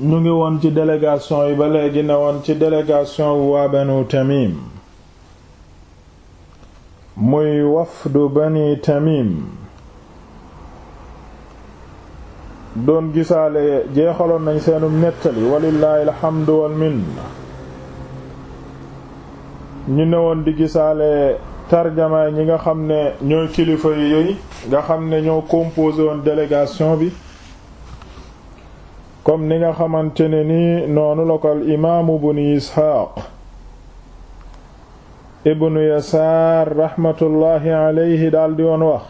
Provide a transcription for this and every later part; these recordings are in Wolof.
ñu ngi woon ci délégation yi ba léegi ne woon ci délégation wu waa banu tamim muy wafdu bani tamim doon gisaale jeexaloon nañ seenum nettali walillaahi alxamdu wal minna ñu ne woon di gisaale tarjamaay ñi nga xam ne ñooy kilifa yi nga xam ne ñoo composé woon délégation bi comme ni nga xamante ne ni noonu la ko al imaamu bnu isxaaq ibnu yasaar raxmatullaahi alayhi daldi woon wax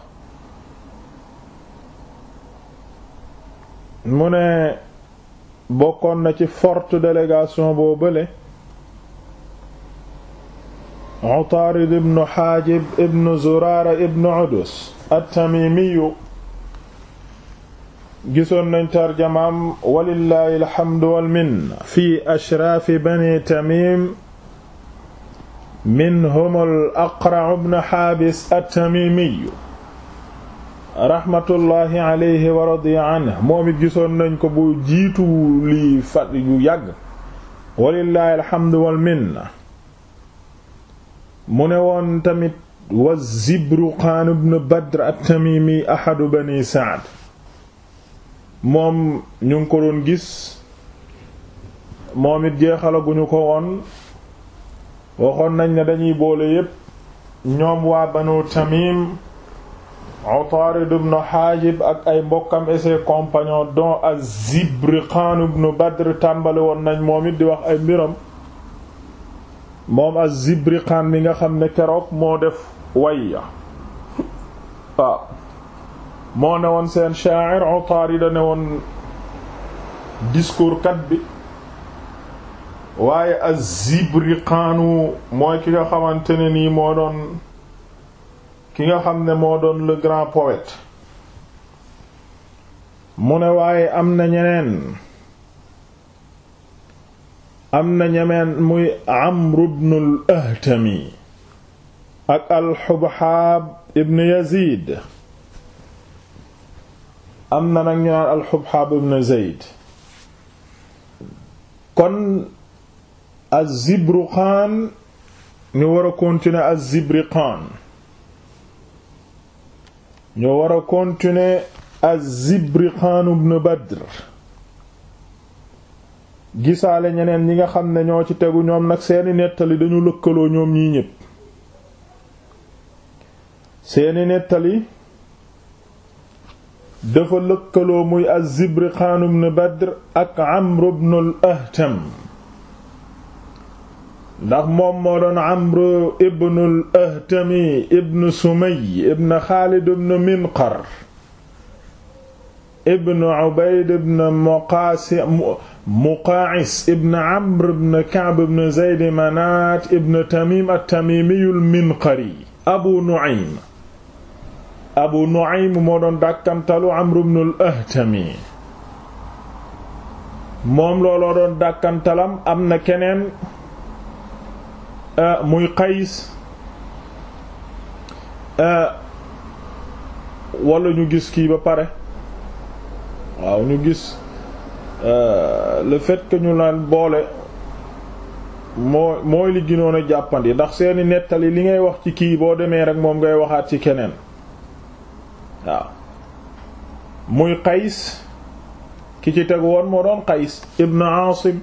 mu ne bokkoon na ci fort délégation boo bële utaarid ibnu xaajib zuraara ibnu udus at-tamimiyu gisoon nañ tarjamaam walillahi alhamdu walminna fi ashraafi bani tamim minhum al aqra' ibn haabis at-tamimi rahmatullahi alayhi wa radiya anhu moom it gisoon nañ ko bu jiitu lii fat yu yàgg walillahi alhamdu walminna mu ne woon tamit wa zibruqaan ibn badr at-tamimi ahadu bani sa'd moom ñu ngi ko doon gis moom it jeexalaguñu ko woon waxoon nañ ne dañuy boole yépp ñoom waa banu tamim Utaarid ibn Haajib ak ay mbokkam et ses compagnons dont Az-Zibriqaan ibn Badr tàmbali woon nañ moom it di wax ay mbiram moom Az-Zibriqaan mi nga xam ne keroog moo def wayya moo ne woon seen sha'ir Utaarida ne woon discours kat bi waaye Az-Zibriqaanu mooy ki nga xamante ne nii moo doon ki nga xam ne moo doon le grand poète mu ne waaye am na ñeneen am na ñemeen muy Amr ibn al-Ahtami ak al-Hubhab ibn Yazid am na nag ñu naan alxubxaab ibn zeyd kon azibruqaan ñu war a continuer azibriqaan ñu war a continuer azibriqaan ibn badr gisaale ñeneen ñi nga xam ne ñoo ci tegu ñoom nag seeni nettali dañu lëkkaloo ñoom ñi ñépp seeni nettali dafa lëkkaloo muy az-Zibriqaan ibn Badr ak Amr ibn al-Ahtam ndax moom moo doon Amr ibn al-Ahtami ibn Sumay ibn Xaalid ibn Minqar ibn Ubayd ibn Muqaasi Muqaa'is ibn Amr ibn Ka'b ibn Zayd Manaat ibn Tamiim at-Tamiimi al-Minqari Abu Nu'aym abu nu'aym moo doon dàkkantalu am ibn ahtami moom looloo doon dàkkantalam am na keneen euh, muy xayis euh, walla ñu gis kii ba pare waaw ñu gis euh, le fait ñu leen boole moo mooy li ginoon a jàppandi ndax seeni nettali li ngay wax ci kii boo demee rek moom ngay waxaat ci keneen waaw muy qays ki ci tegu woon moo doon qays ibn aasim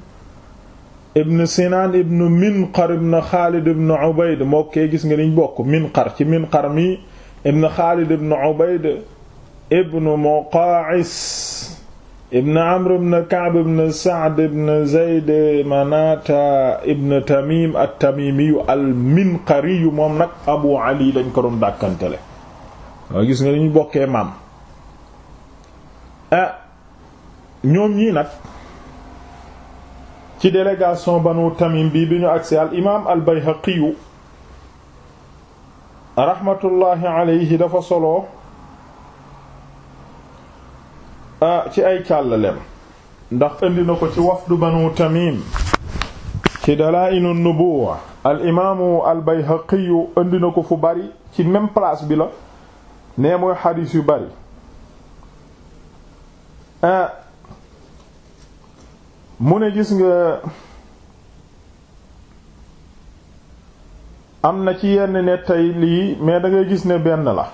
ibn sinaan ibn minqar ibn xaalid ibn ubayd moo kee gis nga niñ bokk minqar ci minqar mi ibn xaalid ibn ubayd ibn muqaa'is ibn amr ibn ka'b ibn sa'd ibn zayd manata ibn tamim at-tamimi al-minqari moom nag abu ali dañ ko doon dàkkantele waaw gis nga ni ñu bokkee maam ah ñoom ñii nag ci délégation banu tamim bi bi ñu agsi al imaam al bayhaqiyu rahmatullahi alayhi dafa solo a ah, ci ay càllaleem ndax indi na ko ci wafdu banu tamim ci dalaa'inu nubuwa al imaamu al bayhaqiyu indi na ko fu bari ci même place bi la nee mooy xadiis yu bari ah, mu ne gis nga am na ci yenn nettay lii mais dangay gis ne benn la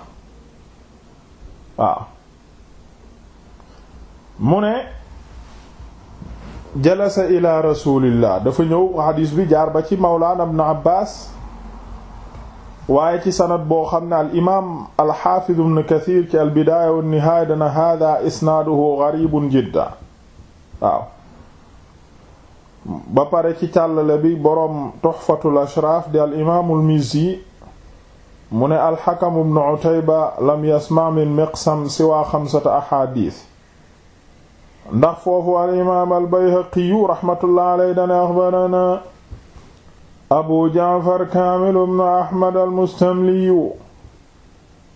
waaw mu ne jalasa ila rasulillah dafa ñëw xadiis bi jaar ba ci mawlaana ibn Abbaas waaye ci sanad boo xam ne al imaam al ci al bidaaya wa nihaaya dana haadaa isnaaduhu gariibun jiddan ba pare ci càllale bi boroom tuxfatul ashraaf di al imaamul mu ne al xakam ibn lam yasma min miqsam siwaa xamsata axaadiis ndax foofu al imaam al bayhaqiyu raxmatullahi alayhi abu jaafar kaamil bnu ahmad almustamliyu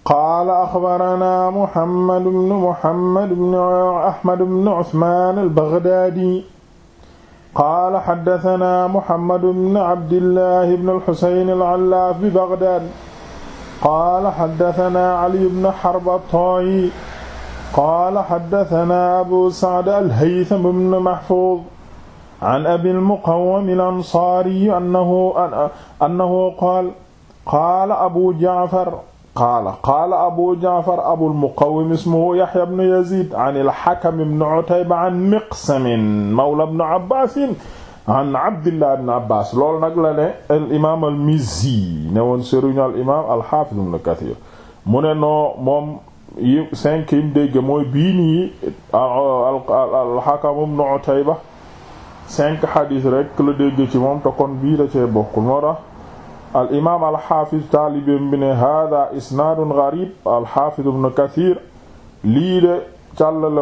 qaala axbaranaa muhammad bnu muhammad bnu ahmad bnu usmaan albagdaadi qaala xaddatanaa muhammad bnu abdillahi bnu alxusayn alallaaf bi bagdaad qaala xaddatanaa caliyu bnu xarb attaayi qaala xaddatanaa abu sacd alhaytam bnu maxfuud an abi al-Muqawwam al-Ansaari annahu annahu qaala qaala abu Ja'far qaala qaala abu Ja'far abu al-Muqawwam ismuhu Yahya ibn Yazid an al-Hakam ibn Utayba an Miqsam mawla ibn Abbaas an Abdillah ibn Abbaas loolu nag la ne al-imaam al-Mizzi ne woon sëriñ al-imaam al-Haafiz ibn Kathiir mu ne noo moom yi cinq yi mu dégg mooy bii nii al-Hakam ibn Utayba cinq xadis rek la ci moom bii da cee bokkul moo tax al imaam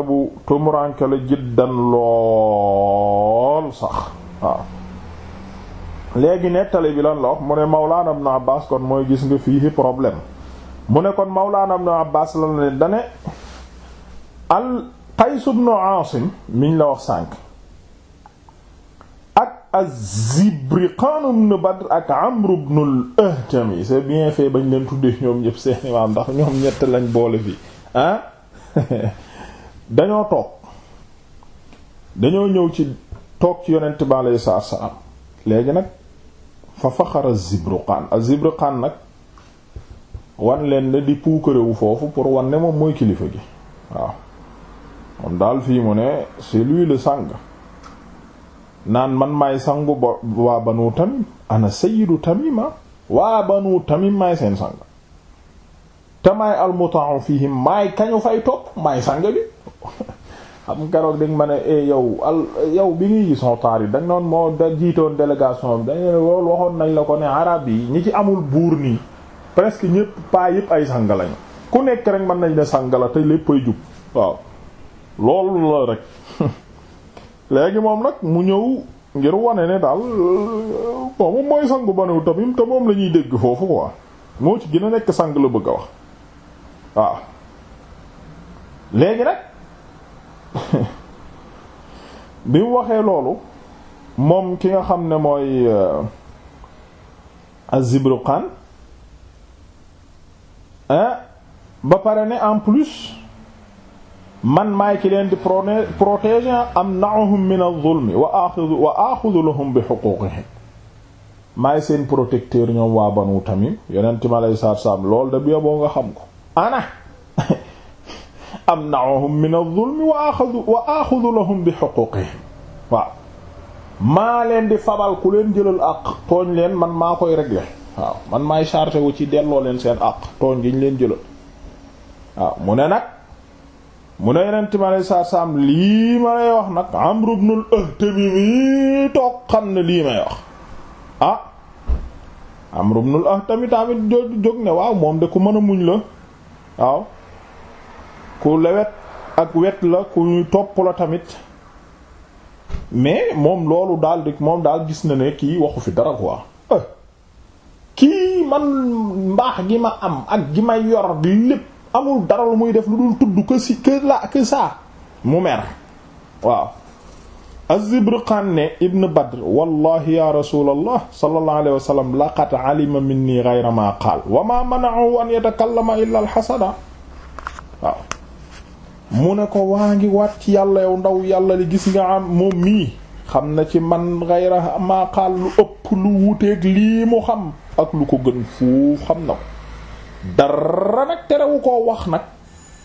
bu tumuranke la jiddan lool sax waaw léegi nettali bi lan la mu ne mawlaana ibn abbas kon mooy gis nga fii problème mu ne kon mawlaana ibn abbas lan la ne dane al qays ibn aasim miñ la wax sànq a az-Zibriqaan ibn bat ak Amr ibn al-Ahtam c'est bien fait bañ leen tuddee ñoom ñëpp seen imaam ndax ñoom ñett lañ boole fii ah dañoo toog dañoo ñëw ci toog ci yonent bi aleyhi salaatu salaam léegi nag fa faxara az-Zibriqaan az-Zibriqaan nag wan leen di puukarewu foofu pour wan ne moom mooy kilifa gi waaw moom daal fii mu ne c'est lui le sang naan man maay sangu bo waa banu tamim ana sayyidu tamima waa banu tamim maay seen sang te maay almuta'u fihim maay kañu fay topp maay sang bi xam garoog dañ ma ne eh, yow al yow bi ngi gisoon taar yi dañ noon moo da jiitoon délégation bi dañ loolu waxoon nañ la ko ne arab yi ñi ci amul buur nii presque ñépp paa yépp ay sang lañu ku nekk rek mën nañ ne sang la te léppay jub waaw loolu la rek léegi moom nag mu ñëw ngir wane ne daal moom mooy sangu banu tamim te moom la ñuy dégg foofu quoi moo ci gën nekk sang la bëgg a wax waaw léegi nag bi mu waxee loolu moom ki nga xam ne mooy euh, Az-Zibruqan ba pare ne en plus man maay ki leen di protéger amna'uhum min adh-dhulmi wa akhudhu wa akhudhu seen protecteur ñoom waa Banu Tamim yonent mi alayhi salaatu lool nga xam ko ana amna'uhum min bi huquqihim maa leen di fabal ku leen jëlal leen man maa koy régler man maay chargé wu ci delloo leen seen àq tooñ gi ñu leen jëlal waaw mu ne nag mu ne yeneen mi alei saatu salaam lii ma lay wax nag Amr ibn al toog xam ne lii may wax ah Amr ibn al-Ahtami tamit ne waaw moom de ku mën a muñ la waaw ku lewet ak wet la ku ñu topp la tamit mais moom loolu daal di moom daal gis na ne kii waxu fi dara quoi eh, kii man mbaax gi ma am ak gi ma yor lépp amul dara lu muy def lu dul tudd que si que la que mu mer waaw az-Zibriqaan ibn Badr wallahi ya rasulallah sallallahu alayhi wa sallam alima minni ghayra ma qaal wa ma mana'u yatakallama illa al mu ne ko waa ngi waat ci yàlla yow ndaw yàlla li gis nga am moom mii xam na ci man ghayra ma qaal lu ëpp lu wuteeg lii mu xam ak lu ko gën fu xam na ko dara nag terewu koo wax nag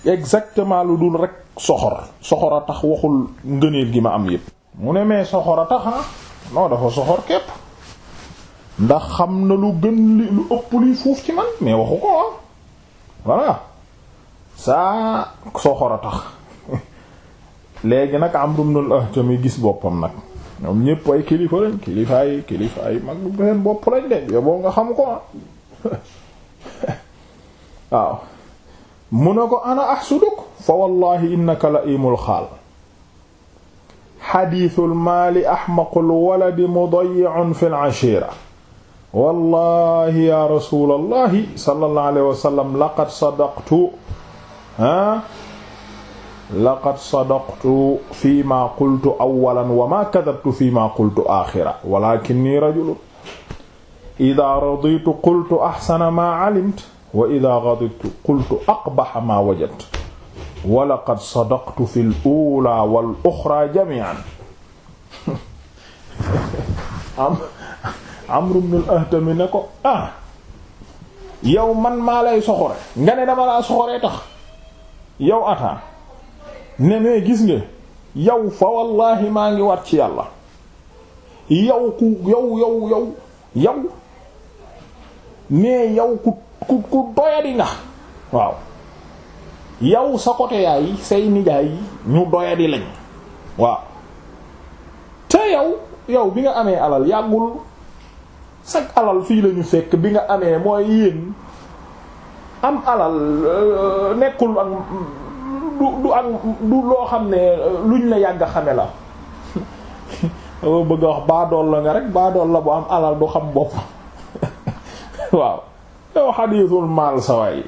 exactement lu dul rek soxor soxor a tax waxul ngëneel gi ma am yépp mu ne mais soxor a tax ah dafa soxor képp ndax xam na lu gën li lu ëpp luy fuuf ci man mais waxu ko ah voilà saa soxor a tax léegi nag Amru ibnul Ahtam gis boppam nag ñoom ñépp ay kilifa lañ kilifaay kilifaay mag bu seen bopp lañ de yow boo nga xam ko ah waaw mu ne ko ana ahsuduk fa wallahi innaka la imul xaal xadiitul maali axmaqul waladi mudayyi'un fil ashiira wallahi ya rasulallahi sallallahu alayhi wa sallam laqad sadaqtu ah laqad sadaqtu fi ma qultu awalan wa ma kadabtu fi ma qultu axira walakinni rajulun ida raditu qultu axsana ma alimtu wa ida gadibtu qultu aqbaha ma wajadtu wa laqad sadaqtu fi l ula wal uxra jami'an am amru ibn al ahtami ne ko ah yow man maa lay soxore nga ne dama laa soxoree tax yow ataan ne nee gis nga yow fa wallahi maa ngi wat ci yàlla yow ku yow yow yow yow nee yow ku ku ku doyadi nga waaw yow sa côté say nijaay yi ñu doyadi lañ waaw te yow yow bi nga amee alal yàggul sag alal fii lañu fekk bi nga amee mooy yéen am alal euh, nekkul ak du du ak du loo xam ne euh, luñ la yàgg xame la bëgg a wax baadool la nga rek baadool la bu am alal du xam bopp waaw yow xadiisul maal sawaay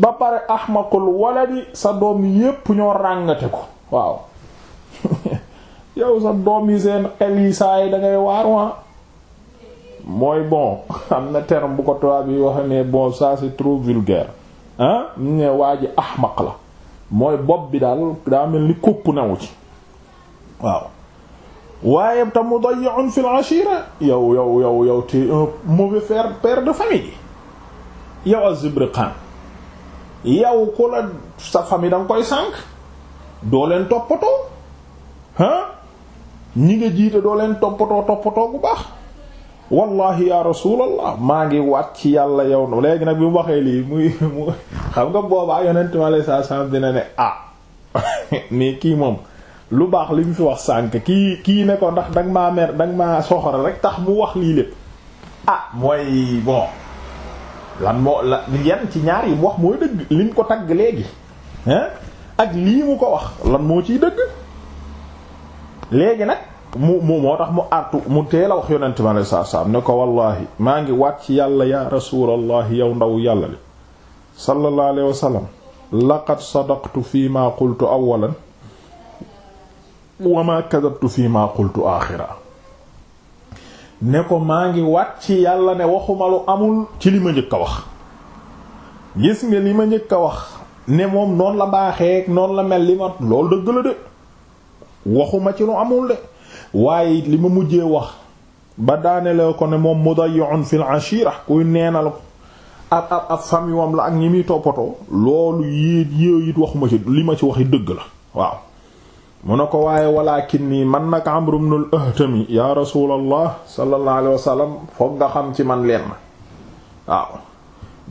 ba pare axmaqul waladi sa doom yépp ñoo ràngate ko waaw yow sa doom yi seen xel yi saa yi dangay waarwaa mooy bon am na terme bu ko tubaab yi waxe ne bon ça c'est trop vulgaire hein ne waaj ji axmaq la mooy bopp bi daal daa mel ni kopp nawu ci waaw waaye tam mudayyi'un fil ashira yow yow yow yow te un mauvais per de famille yow az-Zibriqaan yow ku la sa famille da koy sànq doo leen toppatoo ah ñi nga jiite doo leen toppatoo toppatoo bu baax wallahi ya rasulallah maa ngi waat ci yàlla yow léegi nag bi mu waxee lii muy xam nga boobaa yonent mi alayhi salaam dina ne ah mais kii moom lu baax li mu fi wax sànk kii kii ne ko ndax danga maa mer danga maa soxora rek tax mu wax lii lépp ah mooy bon lan moo la yan ci ñaar yi mu wax mooy dëgg li ko tagg léegi ak lii mu ko wax lan moo ciy dëgg léegi nag mu mu moo tax mu artu mu teel a wax yonent bi alei saatu salaam ne ko wallahi maa ngi waat ci yàlla ya rasulallahi yow ndaw yàlla li sallallahu alayhi wa sallam laqad sadaqtu fi ma awalan wa ma kadabtu fi ma qultu aaxira ne ko maa ngi wat ci yàlla ne waxuma lu amul ci li ma njëkk a wax gis nga li ma njëkk a wax ne moom noonu la baaxee noonu la mel li ma loolu dëgg la de waxuma ci lu amul de waaye li ma mujjee wax ba daanelee ko ne moom mudayyi'un fil ashira kuy neenal ab ab ab famille la ak ñi muy toppatoo loolu yéet yéet waxuma ci li ma ci waxi dëgg la waaw mu ne ko waaye kin nii man nag Amru ibnul Ahtami yaa rasuulallah sallallahu foog nga xam ci man leen waaw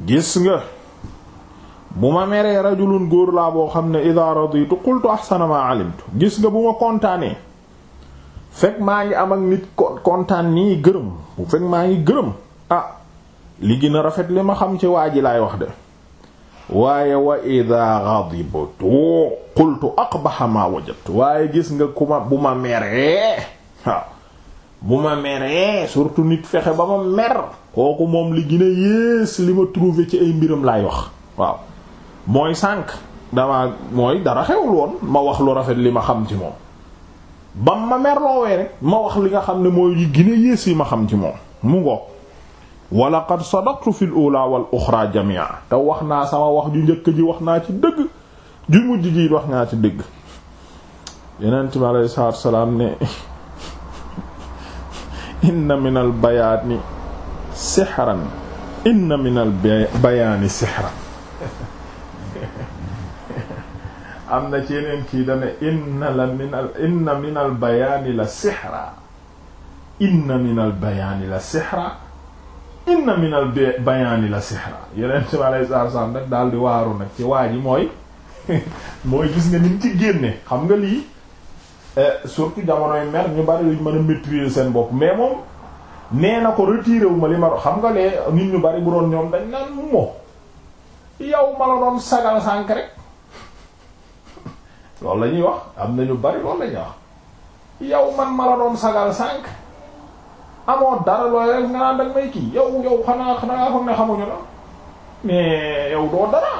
gis nga bu ma meree rajulun góor laa boo xam ne idha raditu qultu ahsana ma alimtu gis nga bu ma kontaanee fekk maa ngi am ak nit kontaan nii gërëm bu fekk maa ngi gërëm ah li gën a rafet li ma xam ci waa ji laay wax de waaye wa ida ghadibtu qultu aqbaha ma wajadtu waaye gis nga ku ma bu ma meree waaw bu ma meree surtout nit fexe ba ma mer kooku moom li gine a yées li ma trouvé ci ay mbiram laay wax waaw mooy sànq damaa mooy dara xewul woon ma wax lu rafet li ma xam ci moom bam ma mer loowee rek ma wax li nga xam ne mooy li gën yées yi ma xam ci moom mu ngoog wala qad sadaqtu fil ula wal uxra jamia te wax naa sama wax ju njëkk ji wax naa ci dëgg ju mujj ji wax naa ci dëgg yeneent bi aleyhi salaatu wasalaam ne inna min al bayaani sixran min al na ci yeneen kii dane inna la min al inna min inna minal bayaani la sihra yeneen ci wàllu saabsaab nag daal di waaru nag ci waa ji mooy mooy gis nga ni ci génne xam nga lii eh, surtout jamonoy mer ñu bari luñ mën a seen bopp mais moom nee na ko retiré wu ma li xam nga lee nit ñu bari bu doon ñoom dañ naan mo yow ma la doon sagal sànk rek loolu la ñuy wax am na ñu bari loolu la ñuy wax yow man ma la doon sagal sànk. amoon dara looy rek nga naan dag may kii yow yow xanaa xanaa foog ne xamuñu la mais yow doo dara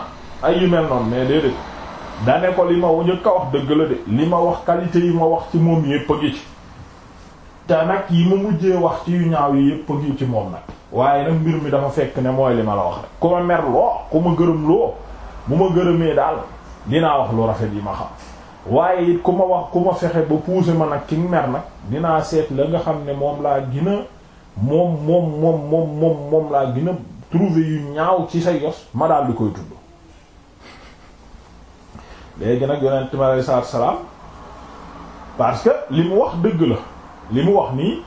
ay yu mel noonu mais déedéet dane ko li ma njëkk a wax dëgg la de li ma wax qualité yi ma wax ci moom yépp a ngi ci te nag yi ma mujjee wax ci yu ñaaw yi yépp a ngi ci moom nag waaye nag mbir mi dafa fekk ne mooy li ma la wax rek ku ma mer loo ku ma gërëm loo bu ma gërëmee daal dinaa wax lu rafet yi ma xam waaye it ku ma wax ku ma fexe ba pousser ma nag ki mer nag dinaa seet la nga xam ne moom laa gina a moom moom moom moom moom moom laa gën a yu ñaaw ci sa yos ma daal di koy tudd léegi nag yonent mi alei salaatu salaam li mu wax dëgg la li mu wax nii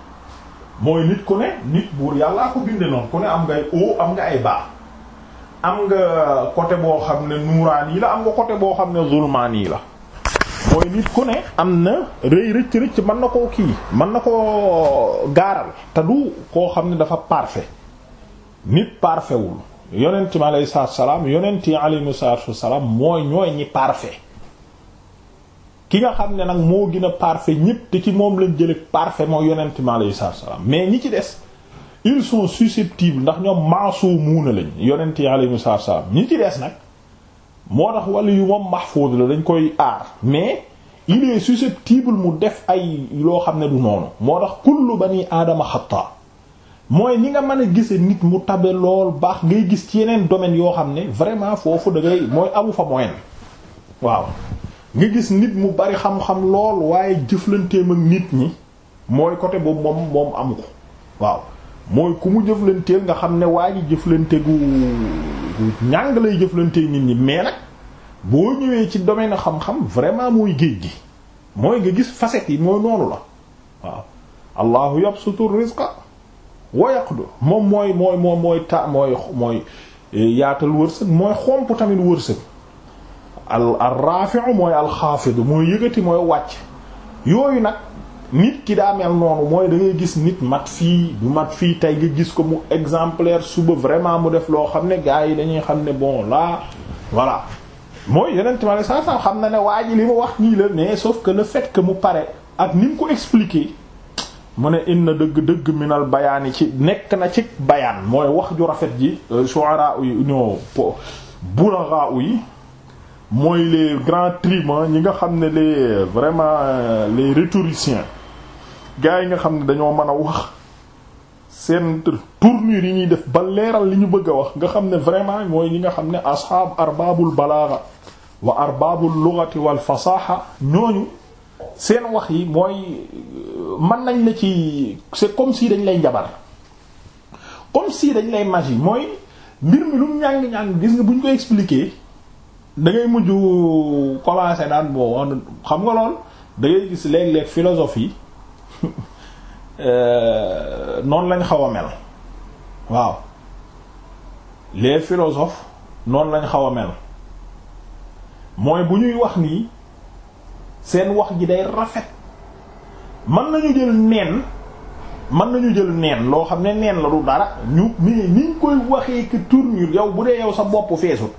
mooy nit ku ne nit buur yàllaa ko binde noonu ku ne am ngay oo am nga ay baax am nga côté boo xam ne nuuraan yi la am nga côté boo xam ne zulmaan yi la mooy nit ku ne am na rëy rëcc rëcc mën na koo kii man na koo gaaral te du koo xam ne dafa parfait nit parfait wul yonent mi alayhi salaam yonent yi alayhi salaam mooy ñooy ñi parfait ki nga xam ne nag moo gën a parfait ñépp te ci moom lañ jële parfait mooy yonent mi alayhi salaatu salaam mais ñi ci des ils sont susceptibles ndax ñoom maasoo muuna lañ yonent yi alayhi salaatu salaam ñi ci des nag. moo tax wàllu yu moom mahfuz la dañ koy aar mais il est susceptible mu def ay loo xam ne du noonu moo tax ba ni aadama xataa mooy ni nga mën a gise nit mu tabe lool baax ngay gis ci yeneen domaines yoo xam ne vraiment foofu da ngay mooy amu fa moyen waaw nga gis nit mu bari xam-xam lool waaye jëflanteem ak nit ñi mooy côté boobu moom moom amu ko waaw mooy ku mu jëflanteel nga xam ne waa ji jëflante gu gu ñàng lay jëflantee nit ñi mais nag boo ñëwee ci domaine xam-xam vraiment mooy géej gi mooy nga gis facettes yi mooy noonu la waaw allahu yabsutu rizqa wa yaqdu moom mooy mooy mooy ta mooy mooy yaatal wërsëg mooy xomp tamit wërsëg al al rafi'u mooy alxaafidu mooy yëgati mooy wàcc yooyu nag nit ki daa mel noonu mooy da ngay gis nit mat fii du mat fii tey nga gis ko mu exemplaire suba vraiment mu def loo xam ne gars yi dañuy xam ne bon là voilà mooy yeneen tamit saa saa xam na ne waa li mu wax nii la mais sauf que le fait que mu pare ak ni mu ko expliquer mu ne inna dëgg dëgg minal bayaan yi ci nekk na ci bayaan mooy wax ju rafet ji euh, shu'ara yi ñoo bouraga yi mooy les grands tribuns ñi nga xam ne les euh, vraiment euh, les rhétoriciens gaa yi nga xam ne dañoo mën a wax seen tournure yi ñuy def ba leeral li ñu bëgg a wax nga xam ne vraiment mooy ñi nga xam ne asxaab arbabul balaaga wa arbabul lughati wal fasaha ñooñu seen wax yi mooy euh, man nañ la ci c'est comme si dañ lay njabar comme si dañ lay magie mooy mbir mi lu mu ñàng-ñàng gis nga bu ñu ko expliquer da ngay mujj commencer naan boo xam nga lool da ngay gis léeg-léeg philosophie Euh, noonu lañ xaw a mel waaw les philosophes noonu lañ xaw a mel mooy bu ñuy wax nii seen wax ji day rafet mën nañu jël neen mën nañu jël neen loo xam ne neen la du dara ñu ni niñ koy waxee que tournure yow bu dee yow sa bopp feesut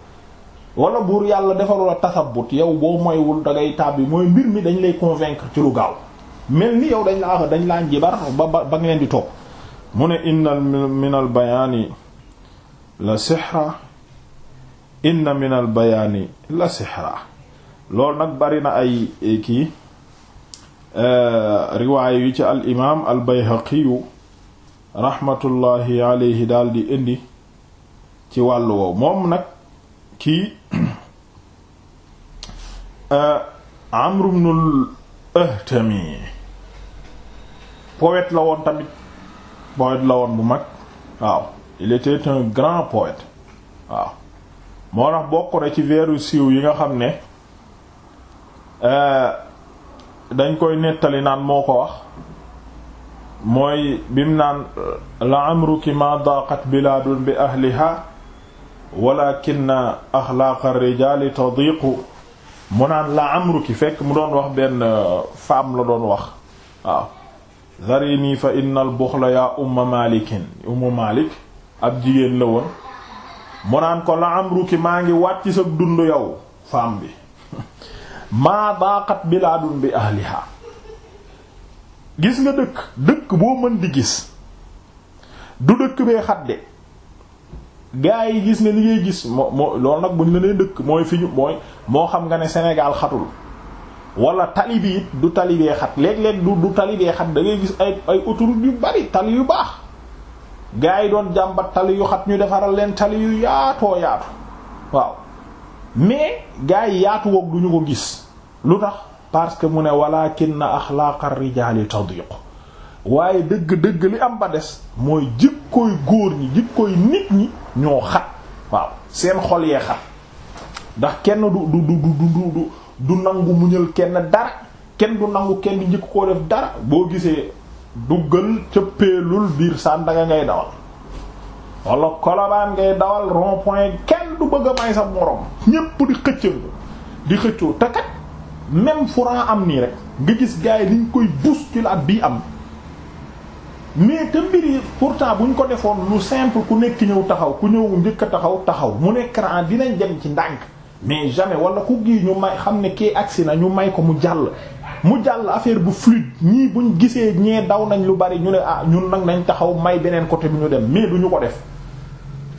walla buur yàlla defarula la tasabut yow boo moywul da ngay tàbbi mooy mbir mi dañ lay convaincre ci lu gaaw mel ni yow dañ laa dañ laa njibar ba ba nga leen di topp mu ne inna min al bayaani la sixra inna min al bayaani la sixra loolu nag bari na ay kii eh, riwaaya yu ci al imaam al bayhaqiyu rahmatullahi daal di indi ci wàllu woow moom nag kii eh, amru bnul ahtami poète la woon tamit poète la woon bu mag waaw il était un grand poète waaw moo tax bokk na ci veeru siiw yi nga xam ne euh, dañ koy nettali naan moo ko wax mooy bim naan la amruki ma daqat bilaadun bi ahliha walakinna axlaaqa rijaali tadiqu mu naan la amruki fekk mu doon wax benn euh, femme la doon wax waaw zarini fa innal buxla yaa umma malikin umma malik ab jigéen la woon mu naan ko la am ruki maa ngi wàcc sa dund yow femme bi maa daqat bilaadun bi ahliha gis nga dëkk dëkk boo mën di gis du dëkk bee xadde gaa yi gis nga li ngay gis moo moo loolu nag buñ la nee dëkk mooy fi mooy moo xam nga ne Sénégal xatul wala tali bi it du tali bee xat léeg-léeg du du tali bee xat da gis ay ay autoroute yu bari tali yu baax gaa yi doon jàmbat tali yu xat ñu defaral leen tali yu yaatoo yaatu waaw mais gars yi yaatu woog du ñu ko gis lu tax parce que mu ne walakin axlaaqa rijaali tadiq waaye dëgg-dëgg li am ba des mooy jikkooy góor ñi jikkooy nit ñi ñoo xat waaw seen xol yee xat ndax kenn du du du du du du nangu mu muñal kenn dara kenn du nangu kenn njëkk koo def dara boo gisee duggal cëppeelul biir Sandaga ngay dawal wala Colobane ngay dawal rond-point kenn du bëgg a may sa morom ñépp di xëccëngu di xëccoo te kat même Franc am nii rek nga gis gars yi liñ koy bousculade bii am mais te mbir yi pourtant buñ ko defoon lu simple ku nekk ñëw taxaw ku ñëw njëkk taxaw taxaw mu nekk dinañ dem ci ndànk mais jamais wala ku gii ñu may xam ne kii agsi na ñu may ko mu jàll mu jàll affaire bu fluide ñii buñ gisee ñee daw nañ lu bari ñu ne ah ñun nag nañ taxaw may beneen côté bi ñu dem mais duñu ko def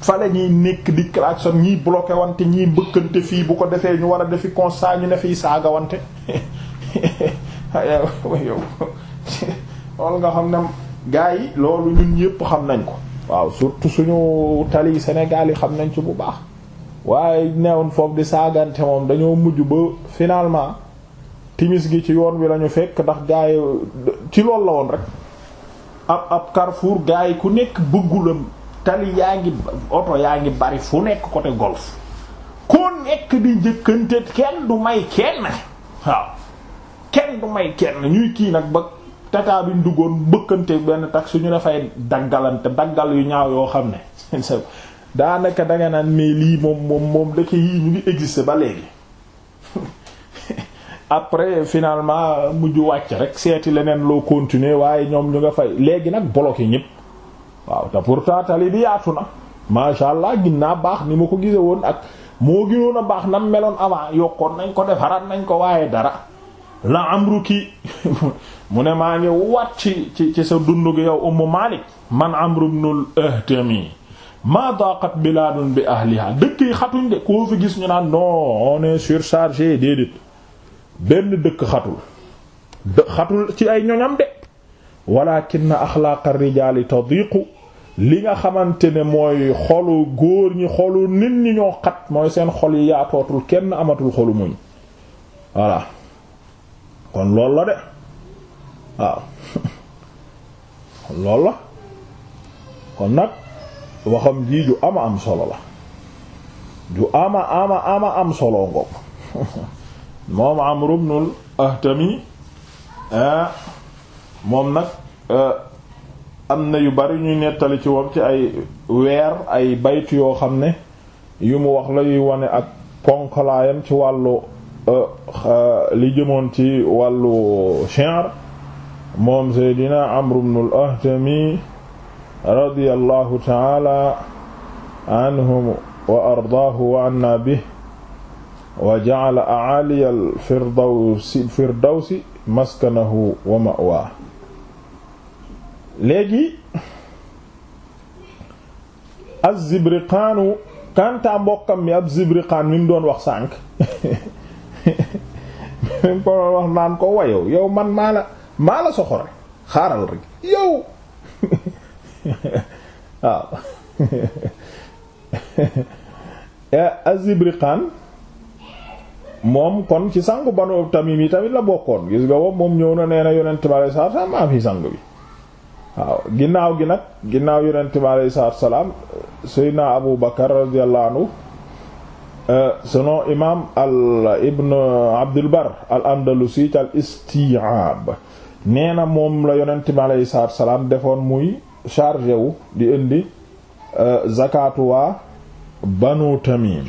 fa la ñuy nekk di klaxon ñii bloqué wante ñii mbëkkante fii bu ko defee ñu war a defi constat ñu ne fii saaga wante yow loolu nga xam ne gars yi loolu ñun yëpp xam nañ ko waaw surtout suñu tali Sénégal yi xam nañ ci bu baax waaye neewoon foofu di saagante moom dañoo mujj ba finalement timis gi ci yoon wi lañu fekk ndax gaay ci lool la woon rek ab ab Carrefour gaay ku nekk bëggulam tali yaa ngi oto yaa ngi bari fu nekk côté golf ku nekk di njëkkante kenn du may kenn waaw kenn du may kenn ñuy kii nag ba tata duggoon bëkkante benn tax suñu dafay daggalante daggal yu ñaaw yoo xam ne daanaka danga naan mais lii moom moom moom dëkk yii ñu ngi exister ba léegi après finalement mujj wàcc rek seeti leneen loo continuer waaye ñoom ñu nga fay léegi nag bloqué ñëpp waaw te pourtant tali bi yaatu na macha allah ginnaa baax ni ma ko gisee woon ak moo gënoon a baax nam meloon avant yokkoon nañ ko defaraat nañ ko waaye dara la amru kii mu ne maa ngi wat ci ci ci sa dund gi yow Ummu Malik man amru ibnul mii maa daqat bilaadun bi ahliha dëkk yi xatuñ de koo fi gis ñu naan non on est surchargé déedéet benn dëkk xatul xatul ci ay ñoñam de walakin axlaaqa rijaali tadiqu li nga xamante ne mooy xolu góor ñi xolu nit ñi ñoo xat mooy seen xol yi yaatootul kenn amatul xolu muñ voilà kon loolu la de waaw loolu la kon nag waxam ji ju ama am solo la ju ama ama ama am solo ngoog moom Amr ibn al-Ahtami ah, moom nag ah, am na yu bari ñuy nettali ci moom ci ay weer ay bayt yoo xam ne yu mu wax la yuy wane ak ponkalaayam ci wàllu ah, li jëmoon ci wàllu shi'r moom Seydina Amr ibn al-Ahtami radiyallahu ta'ala anhum wa ardaahu wa anna bihi wa ja'ala a'aaliya al-firdawsi firdawsi maskanahu wa ma'waahu léegi az-Zibriqaanu kanta mbokkam mi ab Zibriqaan mi mu doon wax sànq mi mu ko doon wax naan ko wayow yow man maa la maa la soxore xaaral rek yow waaw ah. e, azibriqaan moom kon ci sangu banu tamim yi tamit la bokkoon gis nga boobu moom ñëw na nee na yonent bi alayhi salaatu bi waaw ginnaaw gi nag ginnaaw yonent bi alayhi salaatu salaam e, al ibn abdul al andalusi ci al isti'ab nee na moom la yonent bi alayhi defoon muy chargé wu di indi euh, zakatu waa banu tamim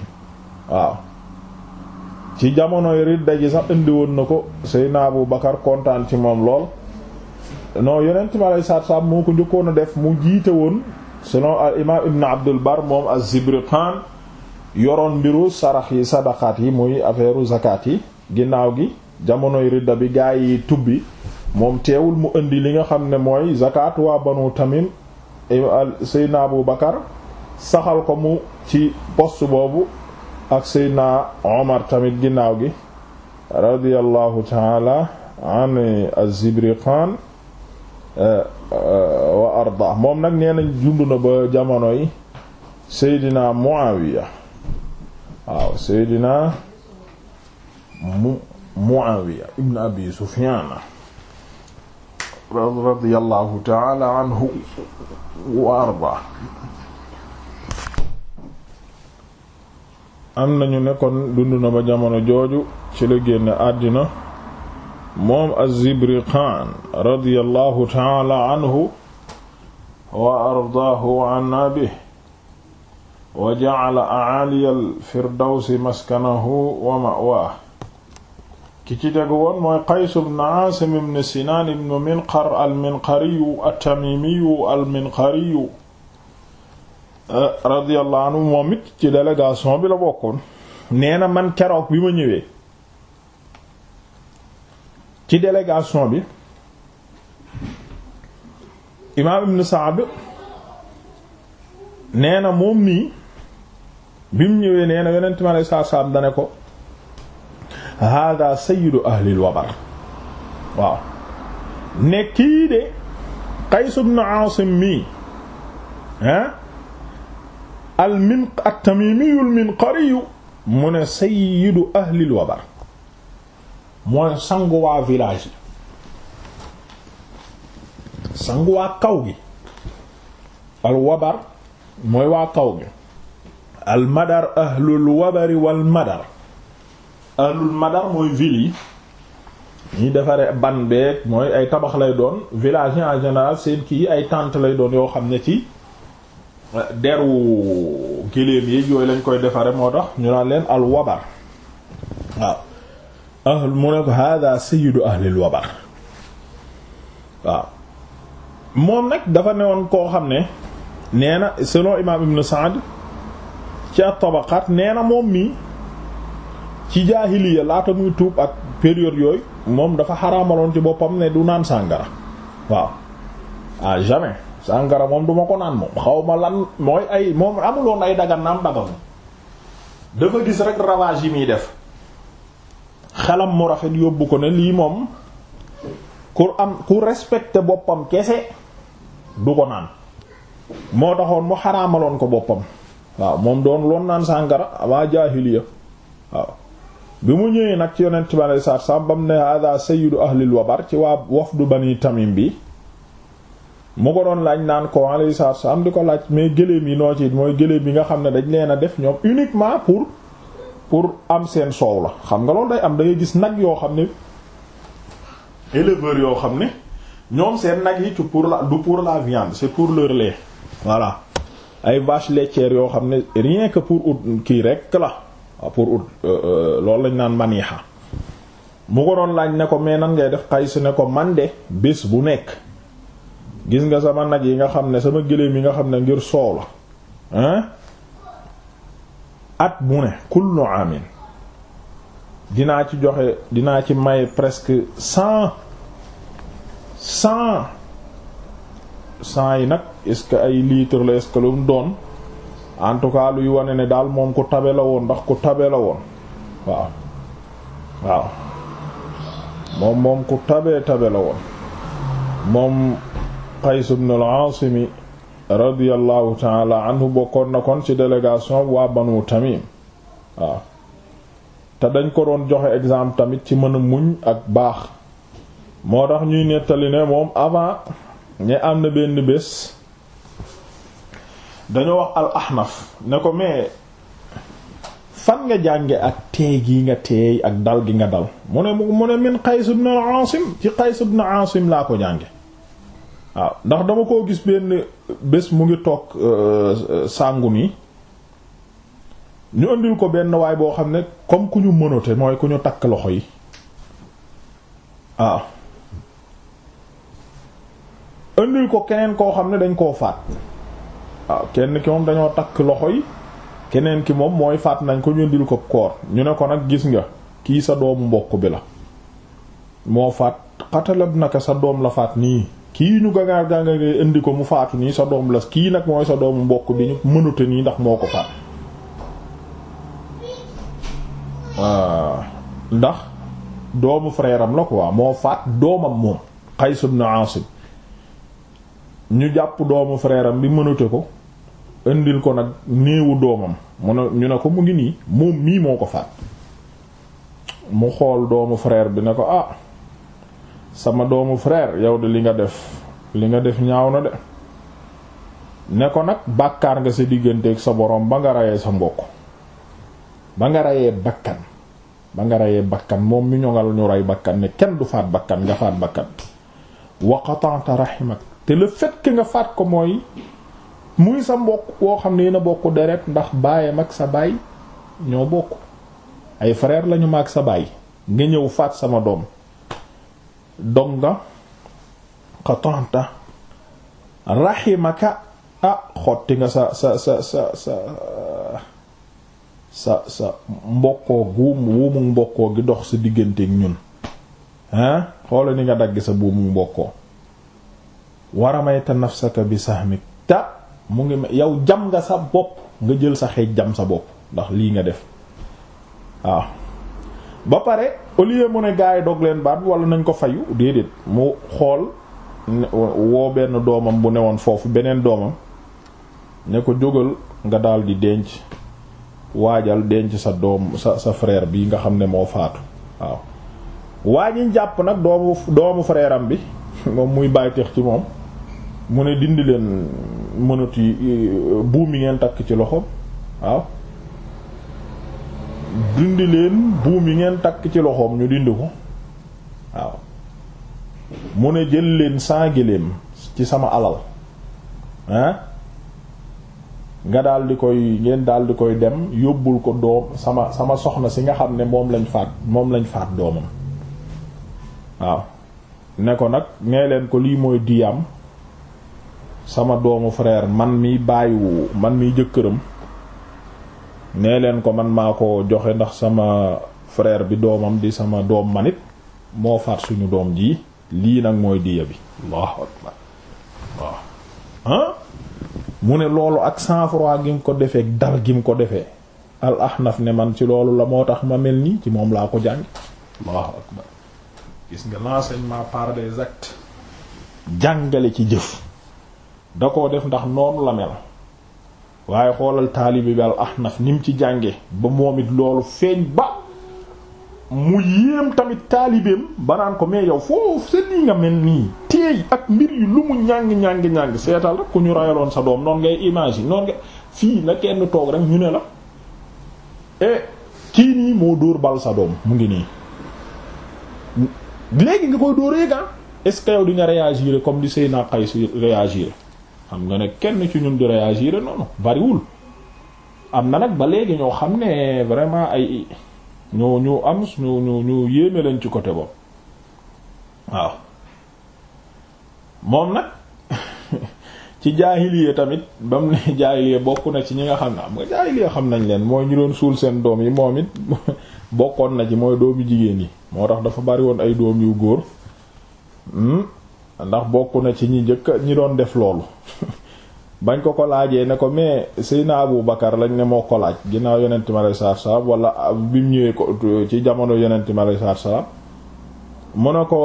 waaw ci jamonoy ridda ji sax indi woon na ko Seydina Abu Bakar kontaan ci moom lool non yonent mi alay saatu moo ko njëkkoon a def mu jiite woon selon al imam ibn Abdul Bar moom az-Zibriqan yoroon mbiru sarax yi sadaqaat yi muy affaire zakat yi ginnaaw gi jamonoy ridda bi gaa yi tubbi moom teewul mu indi li nga xam ne mooy zakat waa banu tamim seydna abu bakar saxal ko mu ci poste boobu ak seydna omar tamit ginnaaw gi radiyallahu taala an az-zibriqan eh, eh, wa arda moom nag nee nañ na ba jamono yi seydina waaw seydina mu muawiya ibn abi sufyaan radiyallahu taala anhu wa arda am nañu nekkoon dund na ba jamono jooju ci la génn àddina moom az-Zibriqaan radiyallahu taala anhu wa ardaahu wa anna bihi wa ja'ala a'aaliya al-firdawsi maskanahu wa ma'waahu ki ci tegu woon mooy Qays ibn Aasim ibn Sinaan ibn Minqar al-Minqariyu at-Tamiimiyu al-Minqariyu eh, radiyallahu anhu moom it ci délégation bi la bokkoon nee na man keroog bi ma ñëwee ci délégation bi imaam ibn Sa'd nee na moom nii bi mu ñëwee nee na yonent mi alayhi ko hada sayyidu ahlil wabar waaw ne kii Qays ibn Aasim mi ah al min at mu ne sayyidu ahlil wabar mooy sangu waa village yi sangu waa kaw gi al wabar waa kaw gi al madar ahlul wabari ahlul madar mooy ville yi ñuy defaree ban beeg mooy ay tabax lay doon village en général seen kii ay tentes lay doon yoo xam ne ci euh, deru géléem yi yooyu lañ koy defare moo tax ñu naan leen al waaw ahl mu ne ko hada sayyidu ahlil wabar waaw moom nag dafa newoon koo xam ne nee na selon imam ibn Sa'd ci at-Tabaqat nee na moom mii ci jaahiliya laata muy tuub ak période yooyu moom dafa xaraamaloon ci boppam ne du naan sàngara waaw ah jamais sàngara moom duma ko naan moom xaw ma lan mooy ay moom amuloon ay dagan naam daganu dafa gis rek ravage yi muy def xelam mu rafet yóbbu ko ne lii moom ku am ku respecté boppam kese du ko naan moo taxoon mu xaraamaloon ko boppam waaw moom doon loon naan sàngara avant jaahiliya waaw bi mu ñëwee nag ci yonent bi alei satu salaam bam ne hada sayyidu ahlil wabar ci waa wafdu bani tamim bi mu ko doon laaj naan ko alayhi salaatu di ko laaj mais gëléem yi noo ci mooy gëléem yi nga xam ne dañ leen a def ñoom uniquement pour pour am seen soow la xam nga loolu day am da gis nag yoo xam ne éleveurs yoo xam ne ñoom seen nag yi ci pour la du pour la viande c'est pour leur lait voilà ay vaches laitières yoo xam ne rien que pour ut kii rek la Ah, pour ut euh, euh, loolu lañ naan maniixa mu ko doon laaj ne ko mais nan ngay def Qays ne ko man de bés bu nekk gis nga sama nag yi nga xam ne sama gëléem yi nga xam ne ngir soow la hein at mu ne kullu amin dinaa ci joxe dinaa ci may presque cent cent cent yi nag est-ce que ay litres la est que lu mu doon en tout cas luy wane ni daal moom ku tabe la woon ndax ku tabe la woon waaw waaw moom moom ku tabee tabe la woon moom Qays ibn al-Aasimi radiyallahu taala anhu bokkoon na kon ci délégation waa Banu Tamim waaw te dañ ko doon joxe exemple tamit ci mën a muñ ak baax moo tax ñuy nettali ne moom avant ñe am na benn bés dañoo wax al ahnaf ne ko mais fan nga jànge ak teey gi nga teey ak dal gi nga dal mu ne mu ne min Qays ibn Asim ci Qays ibn Asim laa ko jànge waaw ndax dama koo gis benn bés mu ngi toog euh, euh, sàngu nii ñu indil ko benn waay boo xam ne comme ku ñu mënote mooy ku ñu takk loxo yi waaw indil ko keneen koo xam ne dañ koo faat waaw kenn ki moom dañoo takk loxo yi keneen ki moom mooy faat nañ ko ñu indil ko koor ñu ne ko nag gis nga kii sa doomu mbokk bi la moo faat xatalab naka sa doom la faat nii kii ñu gangaar gàngaaree indi ko mu faatu nii sa doom la kii nag mooy sa doomu mbokk bi ñu mënute nii ndax moo ko faat ndax doomu frère am la quoi moo faat doomam moom Qays ibn Asim ñu jàpp doomu frère bi mënute ko indil ko nag néewu doomam mu ne ñu ne ko mu ngi nii moom mii moo ko faat mu xool doomu frère bi ne ko ah sama doomu frère yow de li nga def li nga def ñaaw na de ne ko nag bàkkaar nga sa digganteeg sa boroom ba nga rayee sa mbokk ba nga rayee bakkan ba nga rayee bakkan moom mi ñoŋal ñu rey bakkan ne kenn du faat bakkan nga faat bakkan wa qata'ta te le fait nga faat ko mooy muy sa mbokk woo xam ne yéen a bokk deret ndax baayam ak sa baay ñoo bokk ay frère lañu ma ak sa baay nga ñëw faat sama doom dog nga xatanta raximaka ah xotti nga sa sa sa sa sa mbokkoo buum buumu mbokkoo gi dox si diggante ñun ah xoola ni nga dagg sa buumu mbokkoo waramayta nafsaka bi sahmik ta mu ngi yow jam nga sa bopp nga jël sa xeej jam sa bopp ndax lii nga def waaw ba pare au lieu mu ne gars yi dog leen baat bi wala nañ ko fayu déedéet mu xool woo benn doomam bu newoon foofu beneen doomam ne ko jógal nga daal di denc waajal denc sa doom sa sa frère bi nga xam ne moo faatu waaw waa jàpp nag doomu doomu frère am bi moom muy bàyyi ci moom mu ne dindi leen mënut yi buum yi ngeen takk ci loxo waaw dindi leen buum yi ngeen takk ci loxoom ñu dindi ko waaw mu ne jël leen saa géléem ci sama alal hein nga daldi koy ngeen daal di koy dem yóbbul ko doom sama sama soxna si nga xam ne moom lañ faat moom lañ faat doomam waaw ne ko nag nee leen ko lii mooy diyam sama doomu frère man mi bàyyiwu man mi jëkkëram nee leen ko man maa ko joxe ndax sama frère bi doomam di sama doom manit moo faat suñu doom ji lii nag mooy diya bi allahu akbar waaw mu ne loolu ak sang-froid gi ko defee dal gim ko defee al ne man ci loolu la moo tax ma mel nii ci moom laa ko jàng nga l'enseignement par des actes jàngale ci jëf da koo def ndax noonu la mel waaye xoolal taalibi bi al ahnaf ni ci jànge ba moom it loolu feeñ ba mu yéem tamit taalibeem banaan ko mais yow foofu sa nii nga mel nii teey ak mbir yi lu mu ñàng-ñàng-ñàng seetal rek ku ñu rayaloon sa doom noonu ngay image yi noonu nga fii la kenn toog rek ñu ne la e kii nii moo dóor bal sa doom mu ngi nii léegi nga koy dóor yéega est-ce que yow di nga réagir comme di Seyna Qays réagir xam nga ne kenn ci ñun yi réagir noonu bariwul am na nag ba léegi ñoo xam ne vraiment ay ñoo ñu am ñu ñu ñu yéeme lañ ci côté boobu waaw moom nag ci jaahiliya tamit ba mu ne yee bokk na ci ñi nga xam ne am nga jaahiliya xam nañ leen mooy ñu doon suul seen doom yi moom it bokkoon na ci mooy doomu jigéen yi moo tax dafa bari woon ay doom yu góor hmm? ndax bokk na ci ñi njëkk ñi doon def loolu bañ ko ko laajee ne ko mais naa Abu Bakar lañ ne moo ko laaj ginnaaw yonent mi alayhi salaatu salaam wala bi ñëwee ko ci jamono yonent mi alayhi salaatu salaam mu ne ko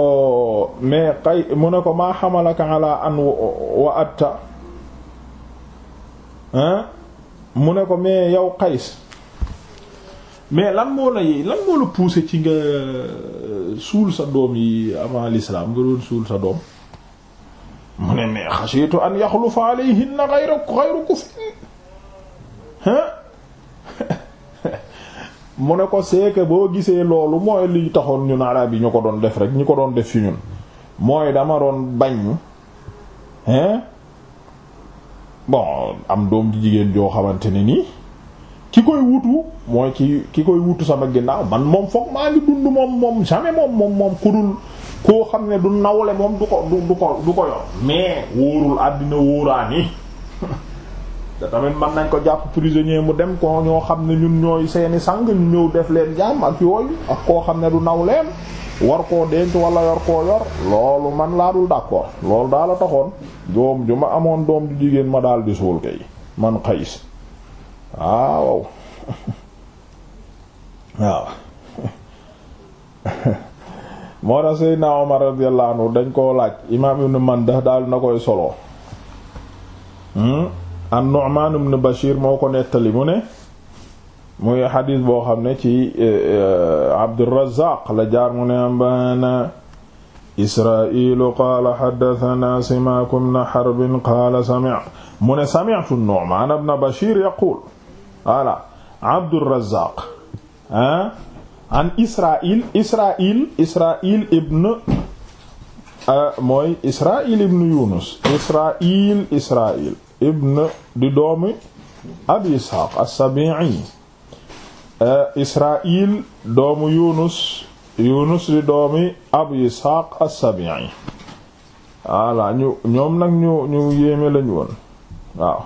mais xay mu ne ko maa xamalaka ala an wa atta mu ne ko mais yow Qays mais lan moo lay lan moo la poussé ci nga euh, suul sa doom yi avant l'islam nga doon suul sa doom mu ne mais xasiitu an yaxlufa alayhinna ghayru ghayru kufrin mu ne ko seeke boo gisee loolu mooy li taxoon ñun araab yi ñu ko doon def rek ñu ko doon def fi ñun mooy dama doon bañ bon am doom jigéen joo xamante ne nii ki koy wutu mooy ki ki koy wutu sama ginnaaw man moom foog maa ngi dund moom moom jamais moom moom kudul koo xam ne du nawle moom du ko du ko du ko yor mais wóorul àddina wóoraani te tamit man nañ ko jàpp prisonnier mu dem ko ñoo xam ne ñun ñooy seeni sang ñu ñëw def leen jaam ak yooyu ak koo xam ne du nawleem war koo denc wala yor koo yor loolu man laa dul d'accord loolu daal la taxoon doom ju ma amoon doom ju jigéen ma daal di suul kay man xayis waaw moo tax Seydina Omar radiyallahu anhu dañ koo laaj imaam ibn Mandah daal na koy solo hmm? an ibn Bashir moo ko nettali mu ne muy xadiis boo xam ne ci eh, eh, Abdurrazzaq la jaar mu ne ambana Israa'ilu qaala mu ne sami'tu Nu'man ibn Bashir yaqul qaala Abdurrazzaq ah an Israil Israil Israil ibn mooy Israil ibn Yunus Israil Israil ibn di doomi Abi Isxaaq as-Sabi'i Israil doomu Yunus Yunus di doomi Abi Isxaaq as-Sabi'i voilà ñu ñoom nag ñu ñu yéeme lañu woon waaw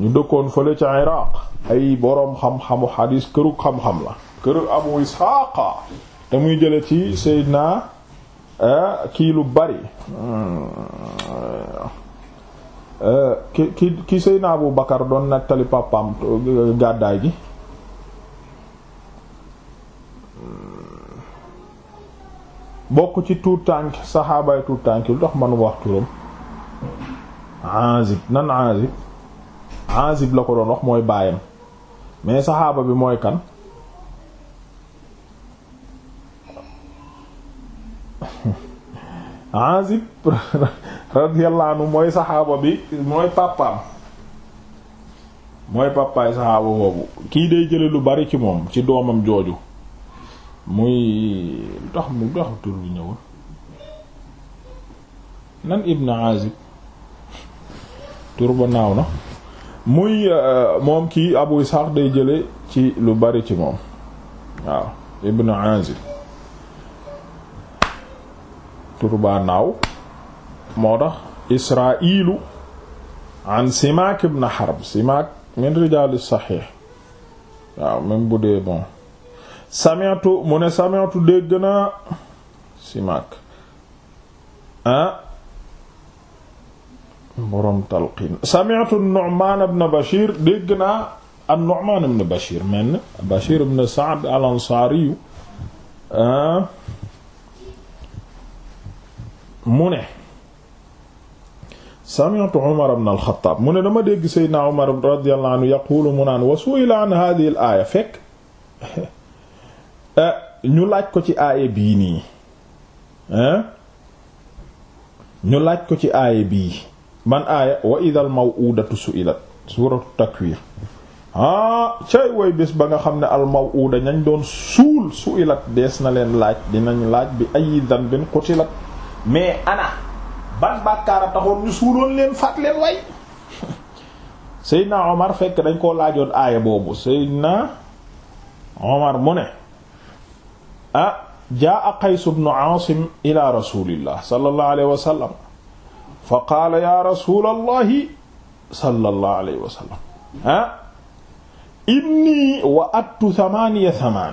ñu dëkkoon fële ca Iraq ay boroom xam-xamu xadiis kërug xam-xam la kër abu isxaaqa te muy jële ci seydina eh, kii lu bari hmm. eh, ki ki ki seydina bu bakar doon nattali pàppaam eh, gàddaay gi hmm. bokk ci tout tànk saxaabaay tuut tànk lu ndox manuma wax turam Azib nan Azib Azib la ko doon wax mooy baayam mais saxaaba bi mooy kan Azib radiyallahu mooy saxaaba bi mooy pàppaam mooy pàppaay saxaaba boobu kii day jële lu bari ci moom ci doomam jooju muy dox mu dox tur bi ñëwul nan ibn Azib tur ba naaw na muy euh, moom kii abuy Ishaq day jële ci lu bari ci moom waaw ibn Azib turbaanaaw moo tax israilu an simaak ibn harb simaak min rijaal saxiix waaw même bu dee bon sami'tu mu ne sami'tu dégg naa simaak ah borom talqiin sami'tu nu'maan ibn bashir dégg naa an nu'maan ibn bashir man bashir ibn sa'd al ansaari ah mu ne sami'tu Umar ibn al mu ne dama dégg Seydina Umar radiyallahu anhu yaqulu mu naan wa su'ila an hadhihi al fekk eh, ñu laaj ko ci aaya bii nii ñu laaj ko ci aaya bii man aaya wa idhal maw'udatu su'ilat suratu takwir ah cay woy bés ba nga xam ne al maw'uda ñañ doon suul su'ilat dees na leen laaj dinañ laaj bi ayyi dhanbin qutilat mais ana ban bàkkaara taxoon ñu suuloon leen faat leen way Seydina Omar fekk dañ koo laajoon aaya boobu Seydina Omar mu ne ah jaa Qays ibn Aasim ila rasulillah sallallahu alayhi wa sallam fa qaala ya rasulallahi sallallahu alayhi wa sallam ah inni wa attu thamaaniya thamaan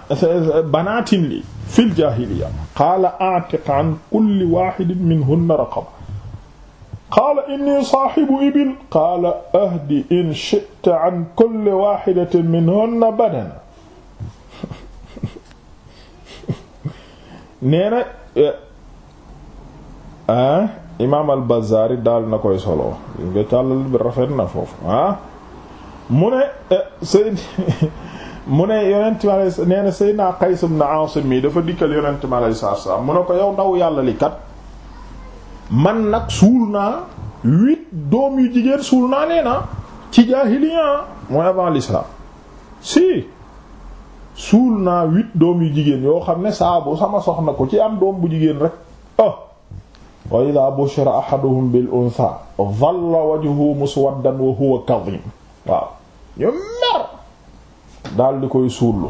banaatin li fi ljahilia qaala atiq an kulli waxidin minhunna raqaba qaala inni saaxibu ibin qaala ahdi in shi'ta an kulli waxidatin minhunna badana nee na eh, ah imaam al-Bazzaari daal na koy solo nga càllal bi rafet na foofu ah mu ne eh, Seydina mu ne yonent mi alay nee na Seydina Qays ibn Aasim mi dafa dikkal yonent mi alay saa mu ne ko yow ndawu yàlla li kat man nag suul naa huit doom yu jigéen suul naa nee ci jaahiliya mooy avant l'islam si suul naa huit doom yu jigéen yoo xam ne saabu sama soxna ko ci am doom bu jigéen rek ah wa idha bushira ahaduhum bil untha dhalla wajhuhu muswaddan wa huwa kadhim waaw daal di koy suullu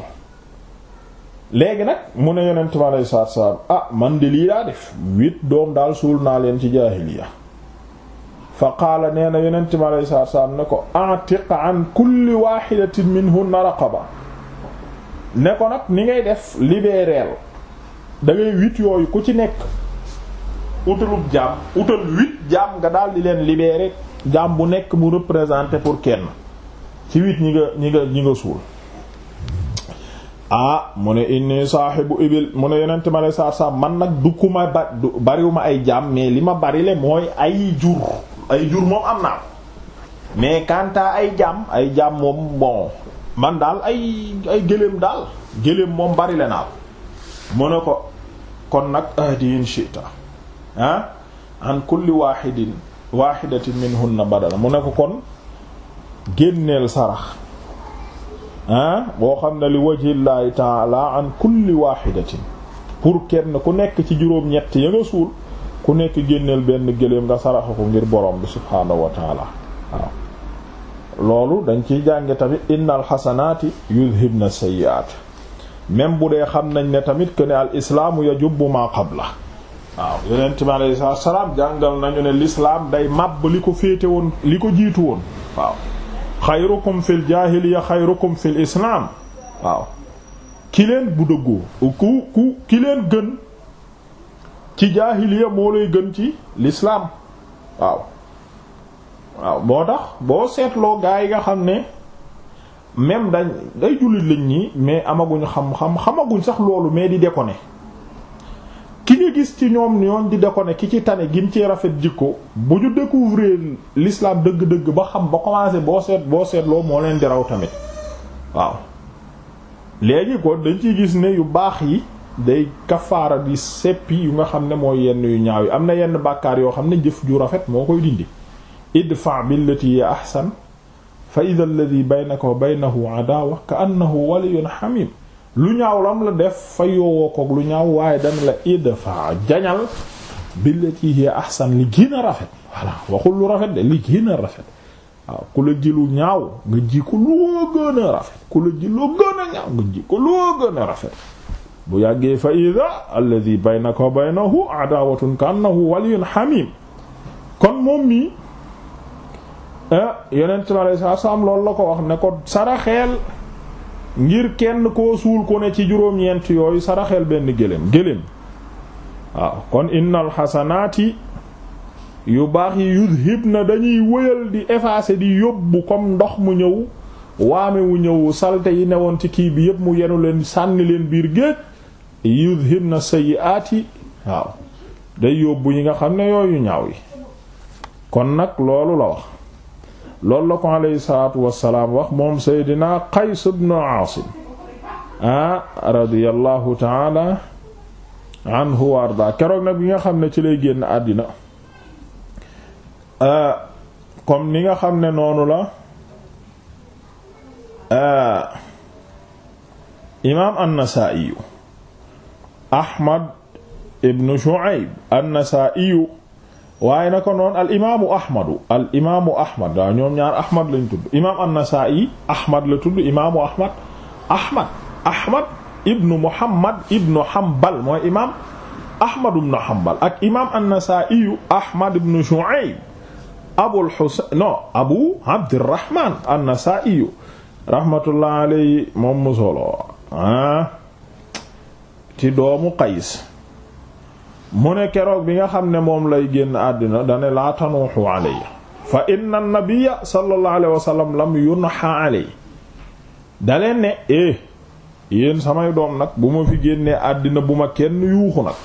léegi nag mu ne yonent mi aleyhi salaatu salaam ah, man di lii daa def huit doom daal suul naa leen ci jaahiliya fa qaala nee na yonent mi aleyhi salaatu salaam ne ko atiq an kulli waahidatin minhunna raqaba ne ko nag ni ngay def libéréel da ngay huit yooyu ku ci nekk utalub jaam utal huit jaam nga daal di leen libéré jaam bu nekk bu représenté pour kenn ci wit ñi nga ñi nga ñi nga suul ah mu ne inni saaxibu ibil mu ne yeneen ma ne saar saar man nag du ma bariwuma ay jaam mais li ma bari le mooy ay jur ay jur moom am naa mais kanta ay jaam ay jaam moom bon man daal ay ay gëléem daal gëléem moom bari le naa mu ne ko kon nag ahdi in shi'ta ah an kulli wahidin wahidatin minhunna badala mu ne ko kon génneel sarax ah boo xam ne li wajhillaahi ta'ala an kulli waahidatin pour kenn ku nekk ci juróom-ñett ya suul ku nekk génneel benn gëléem nga saraxa ko ngir borom bi subhaanahu wa waaw loolu dañ ciy jànge tamit innal xasanaati yudhibna sayyi'aat même bu dee xam nañ ne tamit que ne al islaamu yajubbu maa qabla waaw yonent bi alayhi salaam jàngal nañu ne l'islam day màbb li ko féete woon li ko jiitu woon waaw xayrukum fil jaahiliya xayrukum fil islaam waaw ki leen bu dëggoo ku ku ki leen gën ci jaahiliya moo lay gën ci lislaam waaw waaw moo tax boo seetloo gaa yi nga xam ne même dañ day jullit lañ ñi mais amaguñ xam-xam xamaguñ sax loolu mais di déconner ki nga gis ci ñoom ñoon di da ko ne ki ci tane gin ci rafet jikko bu ñu découvrir l'islam dëgg-dëgg ba xam ba commencé boo seet boo seetloo moo leen di raw tamit waaw léegi ko dañ ci gis ne yu baax yi day kafaara di seppi yu nga xam ne mooy yenn yu ñaaw yi am na yenn bàkkaar yoo xam ne jëf ju rafet moo koy dindi idfa billati ya ahsan fa idha alladhi baynaka wa baynahu adawa ka annahu waliyyun hamim lu ñaaw lam la def fa yoowoo koog lu ñaaw waaye dana la idfa jañal billati hiya ahsan li gën rafet voilà waxul lu rafet de li gën a rafet waaw ku la ji ñaaw nga ji ko loo gën rafet ku la ji loo ñaaw nga ji ko loo gën rafet bu yàggee fa ida alladi baynaka wa baynahu adawatun ka annahu waliyun hamim kon moom mi eh, yonent bi sallallahu alayhi wasallam loolu la ko wax ne ko saraxeel ngir kenn koo suul ku ne ci juróom-ñeent yooyu saraxel benn gëléem gëléem waaw kon innal xasanaati yu baax yi yudhib na dañuy wëyal di effacer di yóbbu comme ndox mu ñëw waamewu wu ñëw salte yi newoon ci kii bi yépp mu yenu leen sànni leen biir géej yudhib na sayyiaati waaw day yóbbu yi nga xam ne yooyu ñaaw yi kon nag loolu la wax loolu la ko alayhi salaatu wassalaam wax moom Seydina Qays ibn Aasim ah radiyallahu taala anhu wa keroog nag bi nga xam ne ci lay génn àddina ah, comme ni nga xam ne noonu la ah, imaam an-Nasaa'i Ahmad ibn Shu'ayb an-Nasaa'i waaye na ko noonu al imaamu ahmadu al imaamu ahmad waaw ñoom ñaar ahmad lañ tudd imaam an-Nasaa'i ahmad la tudd imaamu ahmad ahmad ahmad ibnu muhammad ibnu hambal mooy imaam ahmad ibnu hambal ak imaam an-Nasaa'i ahmad ibnu Shu'ayb abul Husayn non abu abdirahman an-Nasaa'i rahmatullah alayhi moom mu solo ah ci doomu Qays mu ne keroog bi nga xam ne moom lay génn àddina dane laa tanuuxu alayya fa inna nabiyya sallallahu alayhi wa sallam lam yunha alayhi daleen ne eh yéen samay doom nag bu ma fi génnee àddina bu ma kenn yuuxu nag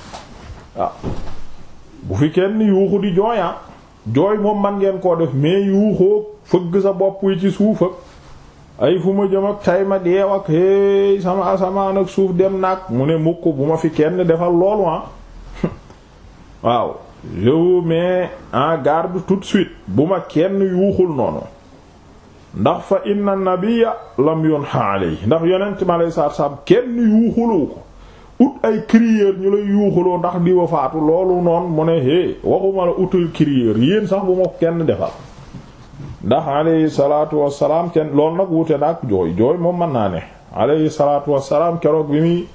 ah, bu fi kenn yuuxu di jooyaa ah, jooy moom man ngeen koo def mais yuuxoo fëgg sa bopp ci suuf ay fu ma jëm ak tay ma deew ak sama asamaan ak suuf dem nag mu ne mukk bu ma fi kenn defal loolu ah waaw je vous mets en garde tout bu ma kenn yuuxul noonu ndax fa inna nabiyya lam yunha alay ndax yonent mi alay saatu salaam kenn yuuxuloo ko ut ay crieur ñu lay yuuxuloo ndax di wa faatu loolu noonu mu ne hé waxuma la utal crieur yéen sax bu ma kenn defal ndax alayhi salaatu wassalaam kenn loolu nag wute na ak jooy jooy moom mën naa ne alayhi salaatu wassalaam keroog bi muy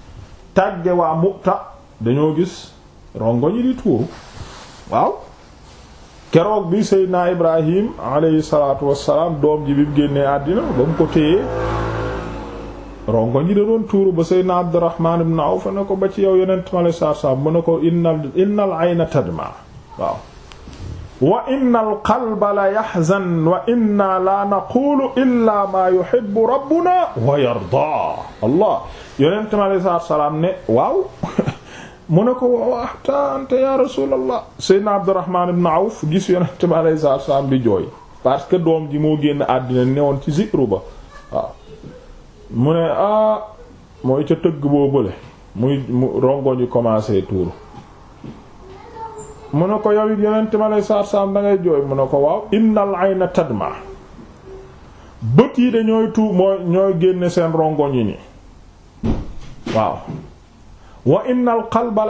tàgge waa Mu'ta dañoo gis rongo ñi di tuuru waaw keroog bi Seydina Ibrahim alayhi salaatu wassalaam doom ji bi mu génnee àddina ba mu ko téyee rongo ñi da doon tuuru ba Seydina Abdurrahman ibn Awf ne ko ba ci yow yonent ma lay saar saar mu ne ko innal innal ayna tadma waaw wa innal qalba la yahzan wa inna la naqulu illa ma yuhibbu rabbuna wa yarda allah yonent ma lay saar salaam ne waaw mu ne ko waaw hatta anta ya rasulallah seydna abdurrahman ibn awf gis yonente bi alayhi salaatu salaam di jooy parce que doom ji moo génn àddina woon ci zikru ba mu ne ah mooy ca tëgg boo bële muy rongo ñu commencé tuur mu ne ko yow it yonente bi alayhi salaatu salaam jooy mu ne ko waaw innal ayna tadma bët yi dañooy tuur mooy ñooy génne seen rongo ñi waaw wa inna al qalba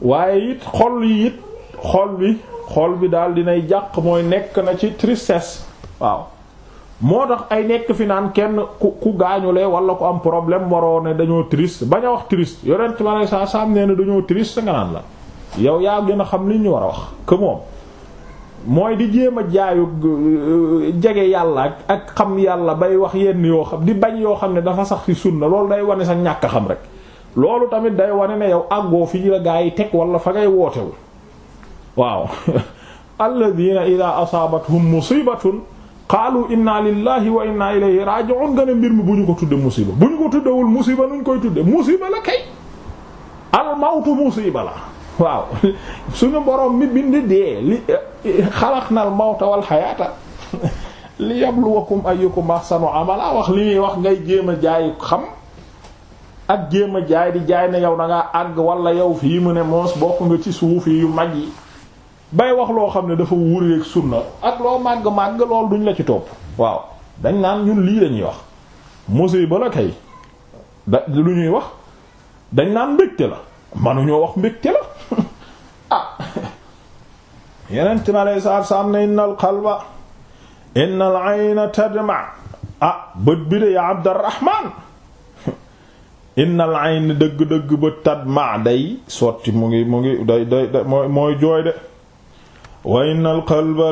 waaye it xol yi it xol bi xol bi daal dinay jàq mooy nekk na ci tristesse waaw moo tax ay nekk fi naan kenn ku ku gaañulee wala ko am problème waroo ne dañoo triste bañ a wax triste yonent ma ne saa saam nee na dañoo triste nga naan la yow yaa gën a xam li ñu war a wax que moom mooy di jéem a jaayu euh, jege yàlla ak xam yàlla bay wax yenn yoo xam di bañ yoo xam ne dafa sax ci sunna loolu day wane sa ñàkk xam rek loolu tamit day wane na yow àggoo fi ñu la gaa yi teg wala fa ngay wootewu waaw alladina ida asaabathum musibatun qaalu inna lillahi wa inna ilayhi raji'un gën a mbir mi bu ñu ko tudde musiba bu ñu ko tuddewul musiba nuñ koy tudde musiba la kay al mawtu musiba la waaw suñu borom mi bind dee li xalaqnal mawta wal xayaata li yabluwakum ayyukum ahsanu amala wax li muy wax ngay jéem a jaay xam ak jéem a jaay di jaay ne yow da ngaa àgg wala yow fii mu ne moos bokk nga ci suuf yi yu mag yi bay wax loo xam ne dafa wuureeg sunna ak loo màgg-màgg lool duñ la ci topp waaw dañ naan ñun lii lañuy wax musiba la kay da lu ñuy wax dañ naan mbégte la manuñoo wax mbégte la yeneen time alay saab saab ne innal qalba tadma ah bët bi de yaa abdurrahman innal ayna dëgg dëgg bët tadma day sotti mu ngi mu ngi day day mooy jooy de wa innal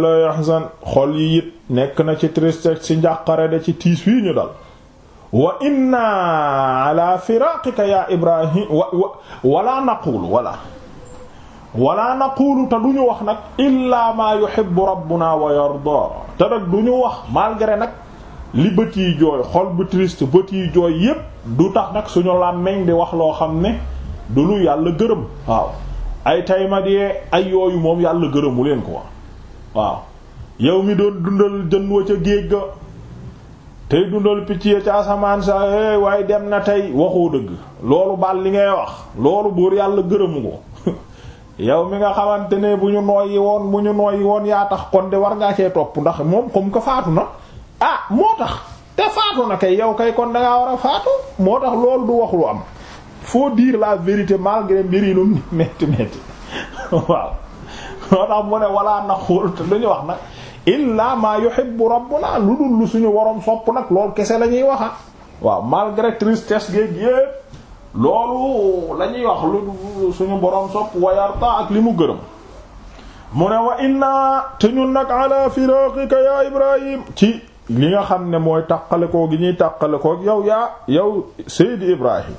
la yahzan xol yi nekk na ci tristesse ci njàqare de ci tiis wii ñu dal wa inna ala ya ibrahim wa wala naqulu wala wala naqulu te duñu wax nag illa ma yuhibbu rabbuna wa yarda te nag duñu wax malgré nag li bët yi jooy xol bu triste bët yi jooy yépp du tax nag suñu làmmeñ di wax loo xam ne du lu yàlla gërëm waaw ay tay ma ay yooyu moom yàlla gërëmu leen ko waaw yow mi doon dundal jën wa ca géej ga tey dundal picc ya ca asamaan sa eh, waaye dem na tey waxoo dëgg loolu baal li ngay wax loolu buur yàlla gërëmu ko yow mi nga xamante ne bu ñu nooyi woon bu ñu nooyi woon yaa tax kon de war ngaa cee topp ndax moom comme que faatu na a ah, moo tax te faatu na kay yow kay kon da war a faatu moo tax lool du wax lu am foo dire la vérité malgré mbir yi lu metti metti waaw moo tax mu ne walaa naqul te lu ñu wax nag illa ma yuhibbu rabbuna lu dul lu suñu waroom sopp nag loolu kese la ñuy waxa waaw malgré tristesse géeg yépp loolu lañuy wax lu suñu borom sopp wa yarta ak li mu gërëm mu ne wa inna te ñun nag ala firaqika ya ci li nga xam ne mooy tàqale koo gi ñuy tàqale yow yaa yow seydi ibrahim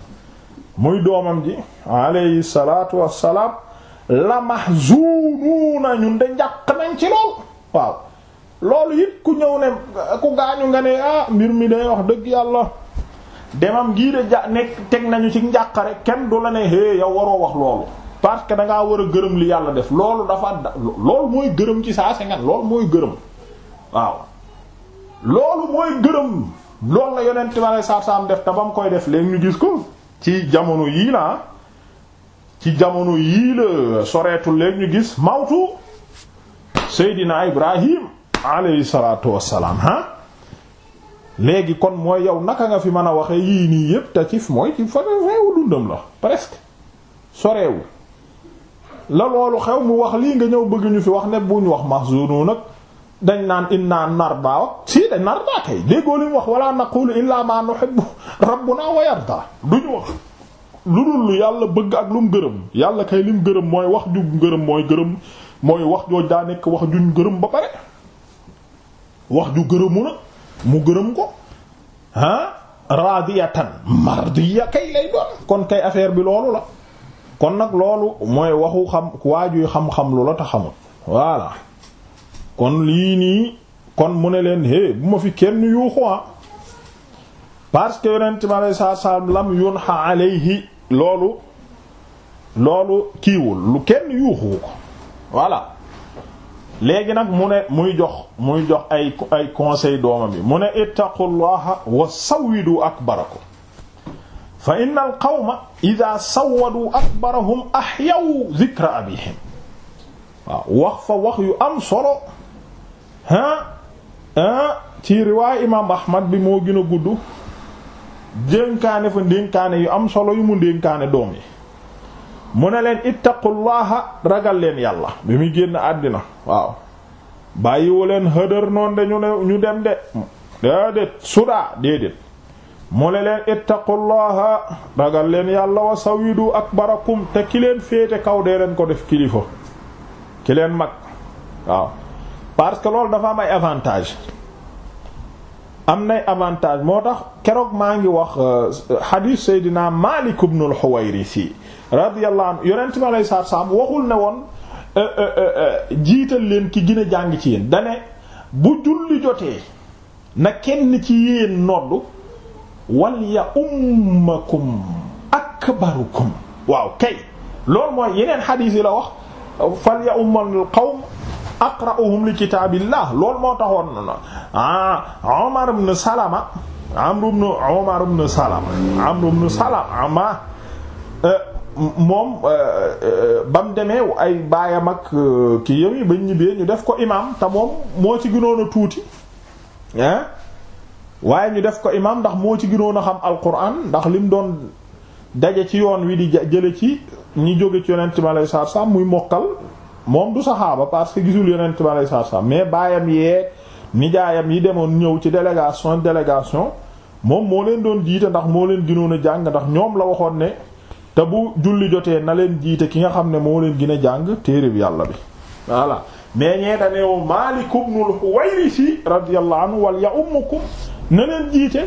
muy doomam ji alayhi salaatu wassalaam la mahzunuuna ñun de njàq nañ ci lool waaw loolu it ku ñëw ne ku gaañu nga ne ah mbir mi day wax dëgg yàlla demam gii de ja nekk teg nañu ci njàqare kenn du la ne hé yow waroo wax loolu parce que da war a gërëm li yàlla def loolu dafa loolu mooy gërëm ci saa sengan loolu mooy gërëm waaw loolu mooy gërëm loolu la yonent ma lay saar-saam def te ba mu koy def léegi ñu gis ko ci jamono yii la ci jamono yii la soreetul léegi ñu gis mawtu Seydina Ibrahim alayhi salaatu wassalaam ha léegi kon mooy yow naka nga fi mën a waxee yii nii yépp te ci mooy ci fa reewu dundam la presque soreewu la loolu xew mu wax lii nga ñëw bëgg ñu fi wax ne bu ñu wax mahzunu nag dañ naan inna narda wa si dañ narda kay déggoo lim wax wala naqulu illa ma nuhibbu rabbuna wa du duñu wax lu dul lu yàlla bëgg ak lum gërëm yàlla kay lim gërëm mooy wax ju gërëm mooy gërëm mooy wax jooj daa nekk wax ju gërëm ba pare wax ju gërëmu na mu gërëm ko ah radiyatan mardiya kay lay doon kon kay affaire bi loolu la kon nag loolu mooy waxu xam waajuy xam-xam lu la ta xamul voilà kon lii nii kon mu ne leen é bu ma fi kenn yuuxu ah parce que yonent mi alei saatu salaam lam yunha alayhi loolu loolu kiiwul lu kenn yuuxu ko voilà léegi nag mu ne muy jox muy jox ay ay doom doomam bi mu ne ittaqullaha wa sawwidu akbarakum fa innal qawma idha sawwadu akbarahum ahyaw dhikra abihim waaw wax fa wax yu am solo ah ah ci riwaay imaam ahmad bi moo gën a gudd dénkaane fa dénkaane yu am solo yu mu dénkaane doom yi mu ne leen ittaqullaha ragal leen yàlla bi muy génn àddina waaw bàyyiwu leen xëdër de ñu ne ñu dem de déedéet sudaa déedéet mu ne leen ittaqullaha ragal leen yàlla wa sawidu akbarakum te ki leen féete kaw dee ko def kilifa ki leen mag waaw parce que loolu dafa am ay avantage am nay avantage moo tax keroog maa ngi wax euh, hadith Seydina Maalik ibnul Huwayrisi radiyallahu anhu yonent bi alayhi salaatu salaam waxul ne woon euh, euh, euh, jiital leen ki gën a jàng ci yéen dane bu julli jotee na kenn ci yéen noddu wal ya ummakum akbarukum waaw kay loolu mooy yeneen xadiis yi la wax fal ya ummal qawm aqra'uhum li kitaabillah loolu moo taxoon ah Omar ibn Salama Amr ibn Omar ibn Salama Amr ibn Salama ah, moom euh, euh, ba mu demee ay baayam ak ki yam yi bañ ñibbee ñu def ko imam te moom moo ci gënoon a tuuti ah waaye ñu def ko imaam ndax moo ci gënoon a xam alquran ndax lim doon daje ci yoon wi di jële ci ñi jóge ci yonent mi alayhi salaatu salaam muy mokkal moom du saxaaba parce que gisul yonent mi alayhi salaatu salaam mais baayam yee nijaayam yi demoon ñëw ci délégation délégation moom moo leen doon jiite ndax moo leen gënoon a jàng ndax ñoom la waxoon ne te bu julli jotee na leen jiite ki nga xam ne moo leen gën a jàng téere bi yàlla bi voilà mais ñee daneew Maalik ibnul Huwayrisi radiyallahu anhu wal ya ummukum na leen jiite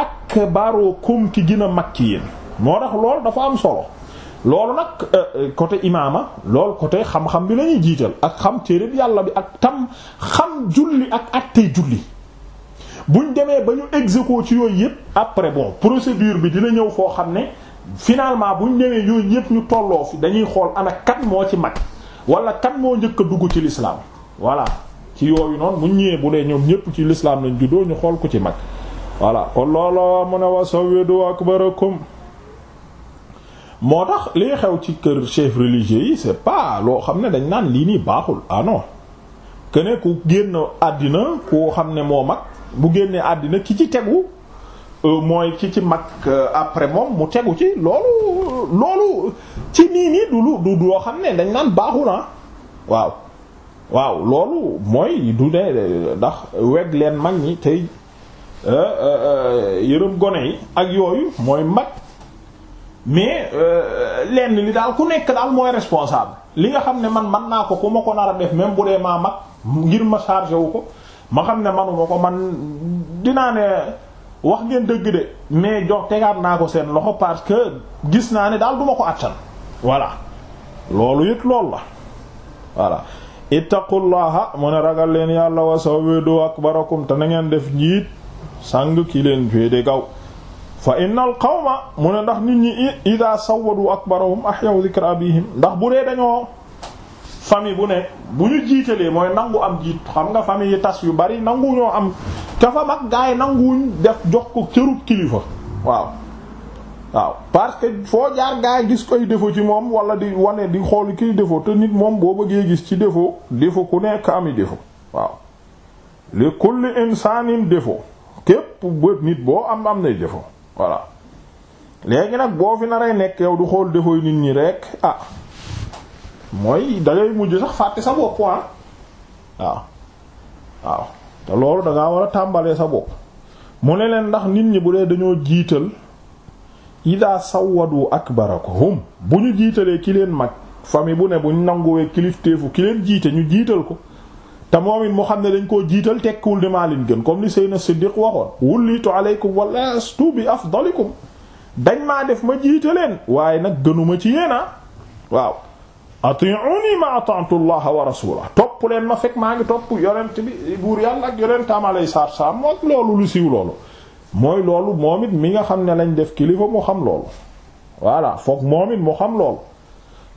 ak akbarukum ki gën a mag ci yéen moo tax loolu dafa am solo loolu nag euh, euh, côté imaama loolu côté xam-xam bi la jiital ak xam téere yàlla bi ak tam xam julli ak attey julli buñ demee ba ñu exécuter ci yooyu yépp après bon procédure bi dina ñëw foo xam ne finalement bu ñëwee yooyu yëpp ñu tolloo fi dañuy xool ana kan moo ci mag wala kan moo njëkk a dugg ci l'islam voilà ci yooyu noonu bu ñëwee bu dee ñoom ñëpp ci l'islam lañ juddoo ñu xool ku ci mag voilà kon looloo mun a wasawidu akbarakum moo tax liy xew ci kër chef religieux yi c'est pas loo xam ne dañ naan lii nii baaxul ah non ku génn àddina koo xam ne moo mag bu génnee àddina ki ci tegu Euh, mooy ci ci mag euh, après moom mu tegu ci loolu loolu ci nii nii du lu du doo xam ne dañ naan baaxu na ah. waaw waaw loolu mooy du ne ndax weg leen mag ñi tey euh, yërëm gone yi ak yooyu mooy mag mais lenn li daal ku nekk daal mooy responsable li nga xam ne man man naa ko ku ma ko nar a def même bu dee maa mag ngir ma chargé wu ko ma xam ne manuma ko man dinaa ne wax ngeen dëgg de mais jox tegaat naa ko seen loxo parce que gis naa ne daal duma ko attan voilà loolu it loolu la voilà ittaqullaha mu ne ragal leen yàlla wa sawwidu akbarakum te na def njiit sàng ki leen féede kaw fa innal qawma mu ne ndax nit ñi ida sawwadu akbarahum ahyaw dhikra abihim ndax bu dee dañoo famille bu nekk bu ñu jiitalee mooy nangu am jiit xam nga famille yi tas yu bari nangu ñoo am ka fa mag gaay def jox ko cërub kilifa waaw waaw parce que foo jaar gaay gis koy défaut ci moom wala di wane di xool kiy défaut te nit moom boo bëggee gis ci défaut défaut ku nekk ami défaut waaw li kulli insanin défaut képp bët nit boo am am nay défaut voilà léegi nag boo fi naree nekk yow du xool défaut yi nit ñi rek ah mooy da ngay mujj sax fàtte sa bopp ah waaw waaw te loolu da war a tàmbalee sa bopp mu ne leen ndax nit ñi bu dee dañoo jiital ida sawadu akbarakum bu ñu jiitalee ki leen mag fami bu ne bu ñu nanguwee kilifteefu ki leen jiite ñu jiital ko te moom it mu xam ne dañ koo jiital tekkiwul ne maa leen gën comme li Seydina Siddiq waxoon wullitu aleykum walastu bi afdalikum dañ maa def ma jiite leen waaye nag gënuma ci yéena ah. waaw ati'uni ma ata'tu Allah wa rasulahu topp leen ma fekk maa ngi topp yonent bi buur yàlla ak yonentam alay saar saar ak loolu lu siiw loolu mooy loolu moom it mi nga xam ne lañ def kilifa mu xam loolu voilà foog moom it mu xam loolu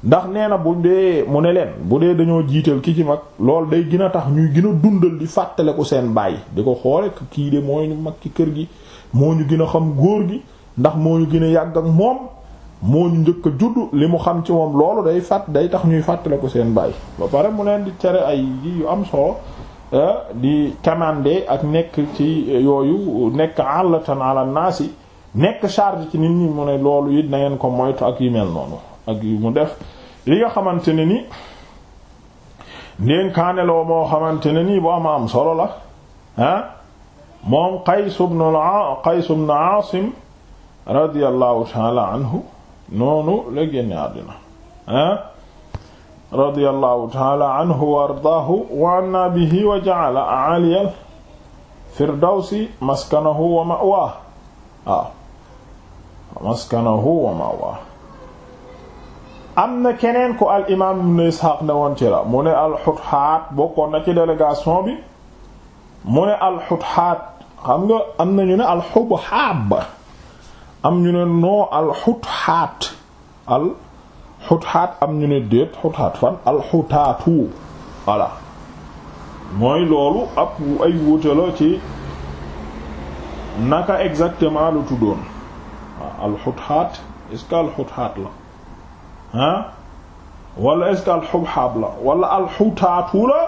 ndax nee na bu dee mu ne leen bu dee dañoo jiital ki ci mag loolu day gin a tax ñuy gën a dundal di fàttale ku seen bàyyi di ko xoole kii de moo ñu mag ci kër gi moo ñu gën a xam góor gi ndax moo ñu gën a yàgg ak moom moo ñu njëkk a li mu xam ci moom loolu day fàtt day tax ñuy fàttale ko seen baay ba pare mu leen di tere ay yu am solo eh, di kamande ak nekk ci eh, yooyu nekk àllatan ala naasi nekk charge ci nit ñi mu ne loolu it na ko moytu ak yu mel noonu ak yu mu def li nga xamante ne ni ndénkaaneloo moo xamante ne nii boo ama am solo la ah moom Qays ibn Qays ibn Aasim radiyallahu ta'ala anhu noonu la génne àddina ah radiyallahu anhu wa ardaahu wa bihi wa ja'ala a'aliyal firdawsi maskanahu wa ma'waa waaw maskanahu wa ma'waa am na keneen ko al imaam ibn Isxaaq ne woon ci la mu ne alxutxaat bokkoon na ci délégation bi mu ne alxutxaat xam nga am nañu ne alxubxaab am ñu ne noo alxutxaat alxutxaat am ñu ne déet xutxaat fan alxutaatu voilà mooy loolu ab ay wuute la ci naka exactement lu tuddoon waaw alxutxaat est-ce la ah wala est alxutaatu la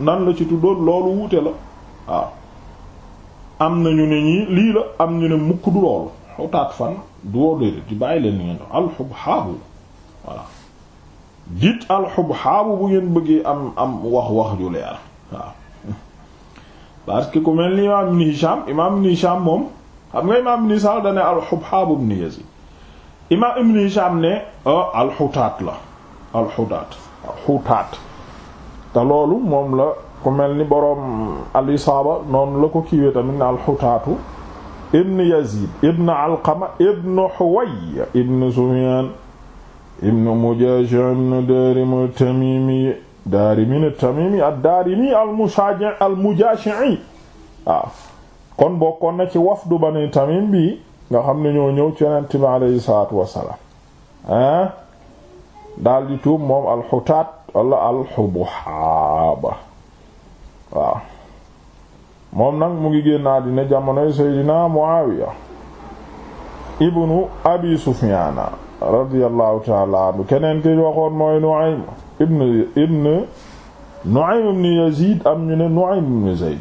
nan la ci tuddoon loolu wuute la waaw am na ñu ne ñii lii la am ñu ne mukk du loolu xutaat fan du woo déedéet di bàyyi leen ni ngeen alxub xaabu voilà dit alxub xaabu bu ngeen bëggee am am wax wax ju leer waaw parce que ku mel ni imaam ibn Hisham imaam ibn Hisham moom xam nga imaam ibn Sa'd dane alxub xaabu ibn Yazid imaam ibn Hisham ne oh, alxutaat la alxutaat alxutaat te loolu moom la ku mel ni boroom al noonu la ko kiiwee tamit ne alxutaatu ibn yazid ibn alqama ibn huway ibn sufyan ibn mujashi ibn daarim at-tamimi daarimi at-tamimi ad-daarimi al-mushaji al-mujashi waaw ah, kon bokkoon na ci wafdu bani tamim bi nga xam ne ñoo ñëw ci yonent bi alayhi salaatu wassalaam ah daal di tuub moom alxutaat wala alxubuhaaba ah. waaw moom nag mu ngi génn àddina jamonoy seydina Muawiya ibnu abi Sufyaana radiyallahu taala anhu keneen ki waxoon mooy Nu'aym ibn ibn Nu'aym ibn Yazid am ñu ne Nu'aym ibn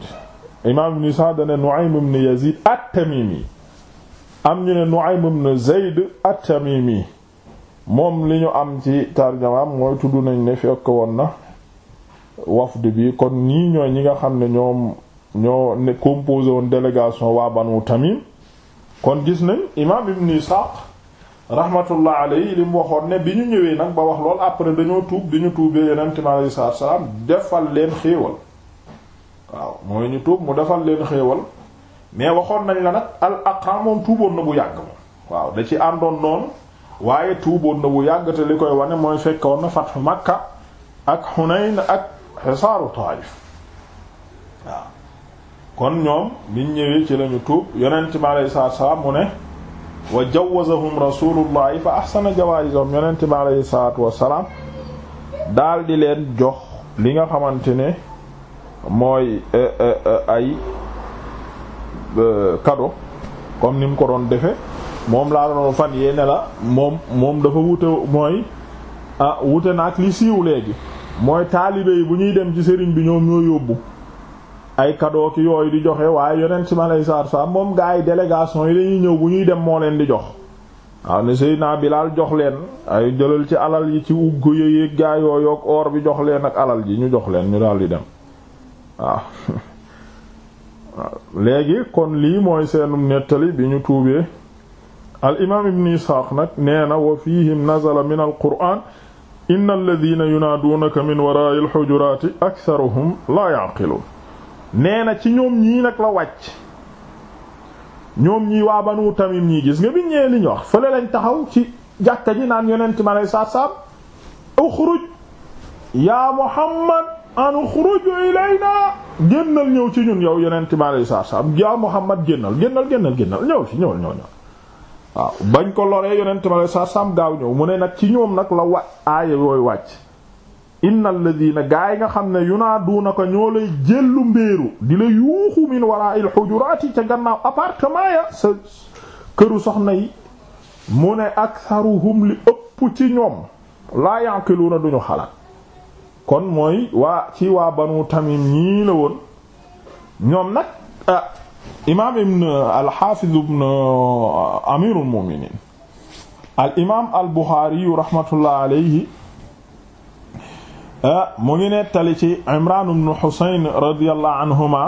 ibn Sa'd at-Tamimi am ñu ne Nu'aym ibn Zayd at-Tamimi moom li ñu am ci tarjamaam mooy tudd nañ ne fekk woon na wafd bi kon ñii ñooy ñi nga xam ne ñoom ñoo ne composé woon délégation waa wu Tamim kon gis nañ imaam Ibn Ishaq rahmatullah alayhi li mu waxoon ne bi ñu ñëwee nag ba wax lool après dañoo tuub bi ñu tuubee yonent mi alayhi salaam defal leen xéewal waaw mooy ñu tuub mu defal leen xéewal mais waxoon nañ la nag al Aqram tuuboon na bu yàgg moom waaw da ci àndoon noonu waaye tuuboon na bu yàgg te li koy wane mooy fekkoon na fathu Makka ak Hunayn ak xisaaru Taif waaw kon ñoom biñ ñëwee ci lañu tuub yonent bi alayhi salaatu salaam mu ne wa jawwazahum rasulullahi fa ahsana jawaazahum yonent bi alayhi salaatu wassalaam daal di leen jox li nga xamante ne mooy e, e, e, ay kado comme ni mu ko doon defe moom laa doon fan yee ne la moom moom dafa wute mooy ah wute na ak li siiw léegi mooy taalibe yi bu ñuy dem ci sëriñ bi ñoom ñoo yóbbu ay cadeau ki yooyu di joxe waaye yonent si ma lay saar moom gaa yi délégation yi dañuy ñëw bu ñuy dem moo leen di jox waaw ne Seydina Bilaal jox leen ay jëlal ci alal yi ci ugg yéeg gaa yooyu ak or bi jox leen ak alal ji ñu jox leen ñu daal yi dem waaw léegi kon lii mooy seenum nettali bi ñu tuubee al imaam ibn Isxaaq nag nee na wa fihim nazala min al qur'aan inna alladina yunaaduunaka min waraa'i al xujuraati aktharuhum laa ya'qiluun nee na ci ñoom ñii nag la wàcc ñoom ñii waa banu tamim ñii gis nga bi ñee li wax fële lañ taxaw ci jàkka ji naan yonent ma lay saat saam uxruj yaa muhammad an uxruj ilayna génnal ñëw ci ñun yow yonent ma lay saat saam yaa muhammad génnal génnal génnal génnal ñëw ci ñëw ñëw ñëw waaw bañ ko loree yonent ma lay saat gaaw ñëw mu ne nag ci ñoom nag la wa aaya yooyu wàcc inna alladina gaa yi nga xam ne yunaaduuna ko ñoo lay jëllu mbéeru di la yuuxu min waraa'il xujuraati ca gannaaw appartement ya sa këru soxna yi mu ne aktharuhum li ëpp ci ñoom laa ya'qiluuna duñu xalaat kon mooy waa ci waa banu tamim ñii la woon ñoom nag ah imaam ibn al-Hafiz ibn amirul mu'minin al imaam al Buxaari rahmatullah alayhi Ah, mu ngi nettali ci Imraan ibn Husayn radiyallahu anhuma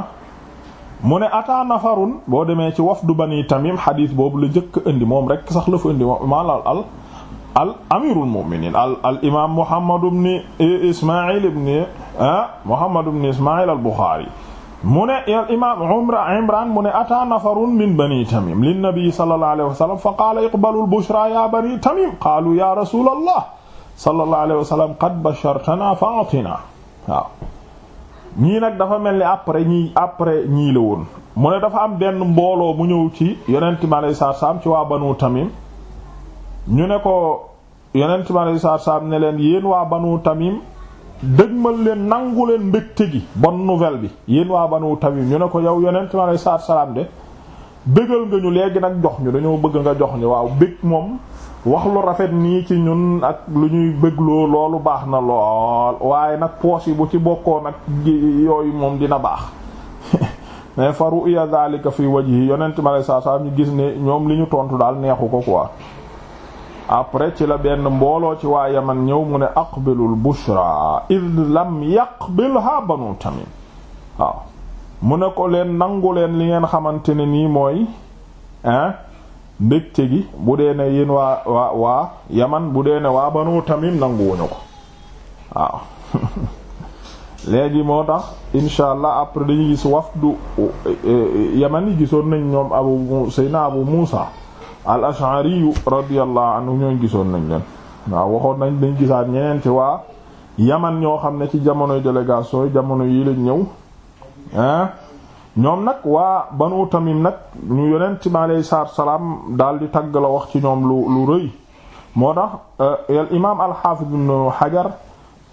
mu ne ata nafarun boo demee ci wafdu bani Tamim xadiis boobu la njëkk indi moom rek sax la fa indi maanaam al al amirul mu'minin al al imaam Muhammad ibn Ismaa'il ibn ah Muhammad ibn Ismaa'il al Buxaari mu ne al imaam Imraan mu ne ata nafarun min bani Tamim linnabi sallallahu alayhi wa sallam fa qaala iqbalul bushra ya bani Tamim qaalu ya rasulallah sallallahu alayhi wa sallam qad bashartana fa atina waaw ñii nag dafa mel ni après ñii après ñii la woon mu ne dafa am benn mbooloo mu ñëw ci yonent mi alayhi salaatu salaam ci waa banu tamim ñu ne ko yonent mi alayhi salaatu ne leen yéen waa banu tamim dëgmal leen nangu leen mbégte gi bonne nouvelle bi yéen waa banu tamim ñu ne ko yow yonent mi alayhi salaatu salaam de bëggal nga ñu léegi nag jox ñu dañoo bëgg nga jox ñu waaw bég moom wax lu rafet nii ci ñun ak lu ñuy bëgloo loolu baax na lool waaye nag poche yi bu ci bokkoon ak yooyu moom dina baax mais fa ru'ya dhalika fi yi yonent ma lay saa saa ñu gis ne ñoom li ñu tontu daal neexu ko quoi après ci la benn mbooloo ci waa Yaman ñëw mu ne aqbilul bushra id lam yaqbilha banu tamim waaw mu ne ko leen nangu leen li ngeen xamante ne nii mooy hein mbégte gi bu dee na yéen waa waa waa yaman bu dee na waa banu tamim nanguwuñu ko waaw léegi moo tax insha allah après dañuy gis wafdu eh, eh, yaman yi gisoon nañ ñoom abu seyna abu muusa al ash'ari radiyallahu anhu ñooñ gisoon nañ leen waaw waxoon nañ dañ gisaat ñeneen ci waa yaman ñoo xam ne ci jamonoy délégation jamono yi lañ ñëw ñoom nag waa banu tamim nag ñu yonent mi aleyhi salaam daal di tagg la wax ci ñoom lu lu rëy moo tax euh, al imaam al xaafid ibnu xajar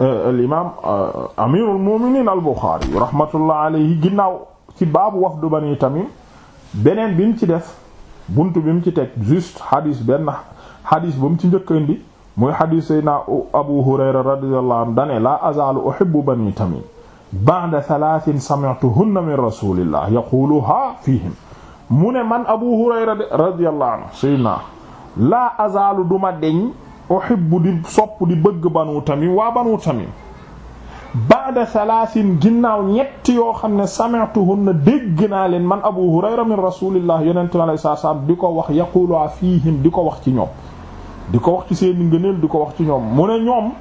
euh, al imaam euh, al buxaari rahmatullah aleyhi ginnaaw ci baabu wafdu bani tamim beneen bi mu ci def bunt bi mu ci teg juste benn xadiis ba mu ci njëkk indi muy xadiis sayna abu hurayra radiyallahu anhu dane la azaalu uhibbu bani tamim ba'da thalathin sami'tuhunna min rasulillah yaquluha fihim mu ne man abu hurayra radiyallahu anhu sayyidina laa azaalu duma deñ uhibbu di sopp di bëgg banu tamim waa banu tamim ba'da thalathin ginnaaw ñett yoo xam ne sami'tuhunna dégg naa leen man abu hurayra min rasulillah yonentu alayhi salaam di ko wax yaquluha fihim di ko wax ci ñoom di ko wax ci seeni ngëneel di ko wax ci ñoom mu ne ñoom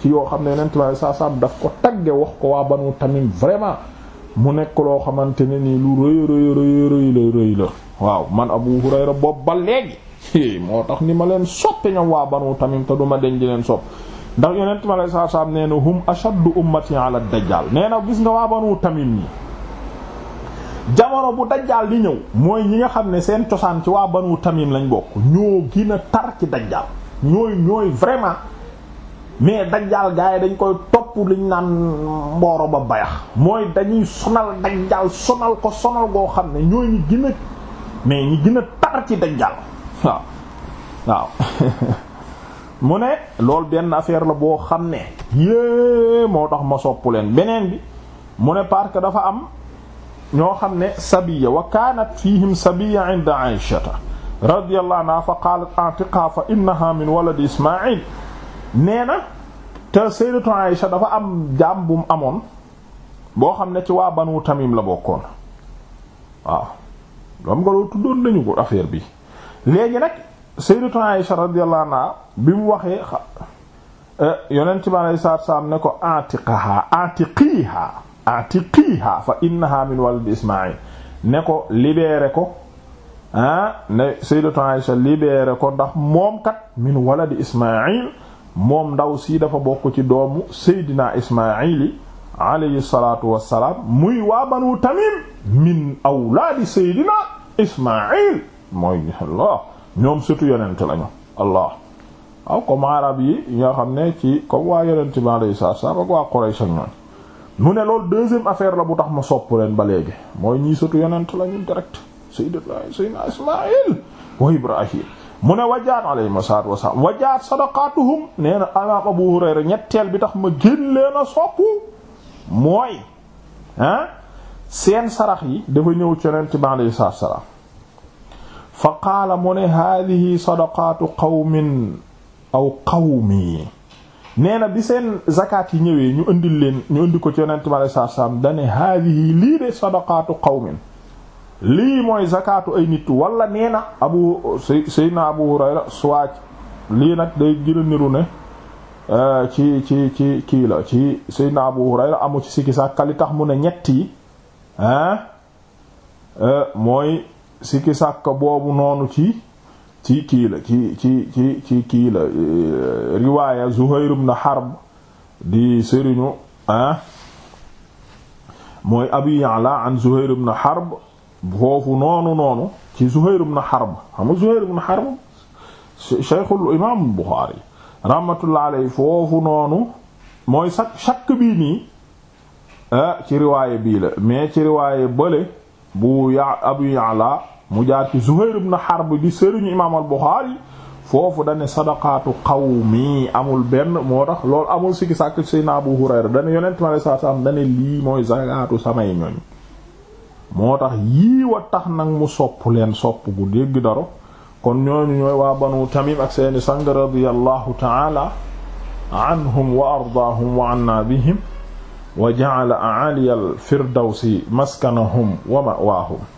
ci yoo xam ne yeneen tubaab saa saam daf ko tagge wax ko waa banu tamim vraiment mu nekk loo xamante ne nii lu rëy rëy rëy rëy la waaw man Abu Hurayra boobu ba léegi moo tax ni ma leen soppe ñoom waa banu tamim te du ma deñ di leen sopp ndax yonent ma lay saa saam nee na hum ashaddu ummati la dajjal nee na gis nga waa banu tamim nii jamono bu dajjal di ñëw mooy ñi nga xam ne seen cosaan ci waa banu tamim lañ bokk ñoo gën a tar ci dajjal ñooy ñooy vraiment mais dajjaal gars yi dañ koy topp liñ naan mbooro ba bayax mooy dañuy sonal dajjaal sonal ko sonal goo xam ne ñooy ñi gën a mais ñi gën a tar ci dajjaal waaw waaw mu ne loolu benn affaire la boo xam ne yée moo tax ma sopp leen beneen bi mu ne parce que dafa am ñoo xam ne sabiya wa kaanat fihim sabiya inda aishata radiyallahu anha fa qalat atiqa min waladi ismail nee na te sayyidatu Aïsha dafa am jaam bu amoon boo xam ne ci waa banu Tamim la bokkoon waaw xam nga loolu tuddoon nañu ko affaire bi léegi nag sayyidatu Aïsha radiyallahu anha bi mu waxee euh, yonent bi alayhi salaatu salaam ne ko atiqaha atiqiha atiqiha fa innaha min walad Ismaïl ne ko libéré ko ah ne sayyidatu Aïsha libéré ko ndax moom kat min walad Ismaïl moom ndaw si dafa bokk ci doomu Seydina Ismaayili alayhi salaatu wassalaam muy waa banu Tamim min awlaadi Seydina Ismaayil mooy Allah ñoom surtout yonent lañu Allah waaw comme arab yi ñoo xam ne ci comme waa yonent bi alayhi salaatu wassalaam ak waa Quraysh ak mu ne loolu deuxième affaire la bu tax ma sopp leen ba léegi mooy ñii surtout yonent lañu direct Seydina Ismaayil wa Ibrahim mu ne wajaat alayhi salaatu wasalaam wajaat sadaqaatuhum nee na imaam Abu Hurayra ñetteel bi tax ma gén leen a sokku mooy ah seen sarax yi dafa ñëw ci yonent bi alayhi salaatu wasalaam fa qaala mu ne haadihi sadaqaatu qawmin aw qawmi nee na bi seen zakat yi ñëwee ñu indil leen ñu indi ko ci yonent bi alayhi salaatu wasalaam dane haadihi lii de sadaqaatu qawmin lii mooy zakatu ay nit wala neena na abu saydna abu hurayra suwaaj lii nag day gën niru ne euh, ci ci ci kiila ci saydna abu hurayra amu ci sikki sàkka li tax mu ne ñett yi ah mooy sikki sàkka boobu noonu ci ci kii ci ci ci ci kii la euh, riwaaya zuhayr ibn harb di sëriñu ah mooy abu an zuhayr ibn harb foofu noonu noonu ci Zuhayr ibn Harb xam nga Zuhayr ibn Harb Shaykhul Imam Bukhari rahmatullah alayhi foofu noonu mooy sa chaque bii nii eh, ci riwaaye bii la mais ci riwaaye bële bu ya Abu Ya'la mu jaar ci Zuhayr ibn Harb di sëriñu Imam al-Bukhari foofu dane sadaqaatu qawmi amul benn moo tax loolu amul sikki sàkk Seydina Abu Hurayra dane yonent mi sallallahu alayhi wasallam dane lii mooy zakaatu samay ñoñ moo tax yii wa tax nag mu sopp leen sopp gu dégg daro kon ñooñu ñooy waa banu tamim ak seeni sang radiyallahu taala anhum wa ardaahum wa anna bihim wa ja'ala a'ali al firdawsi maskanahum wa ma'waahum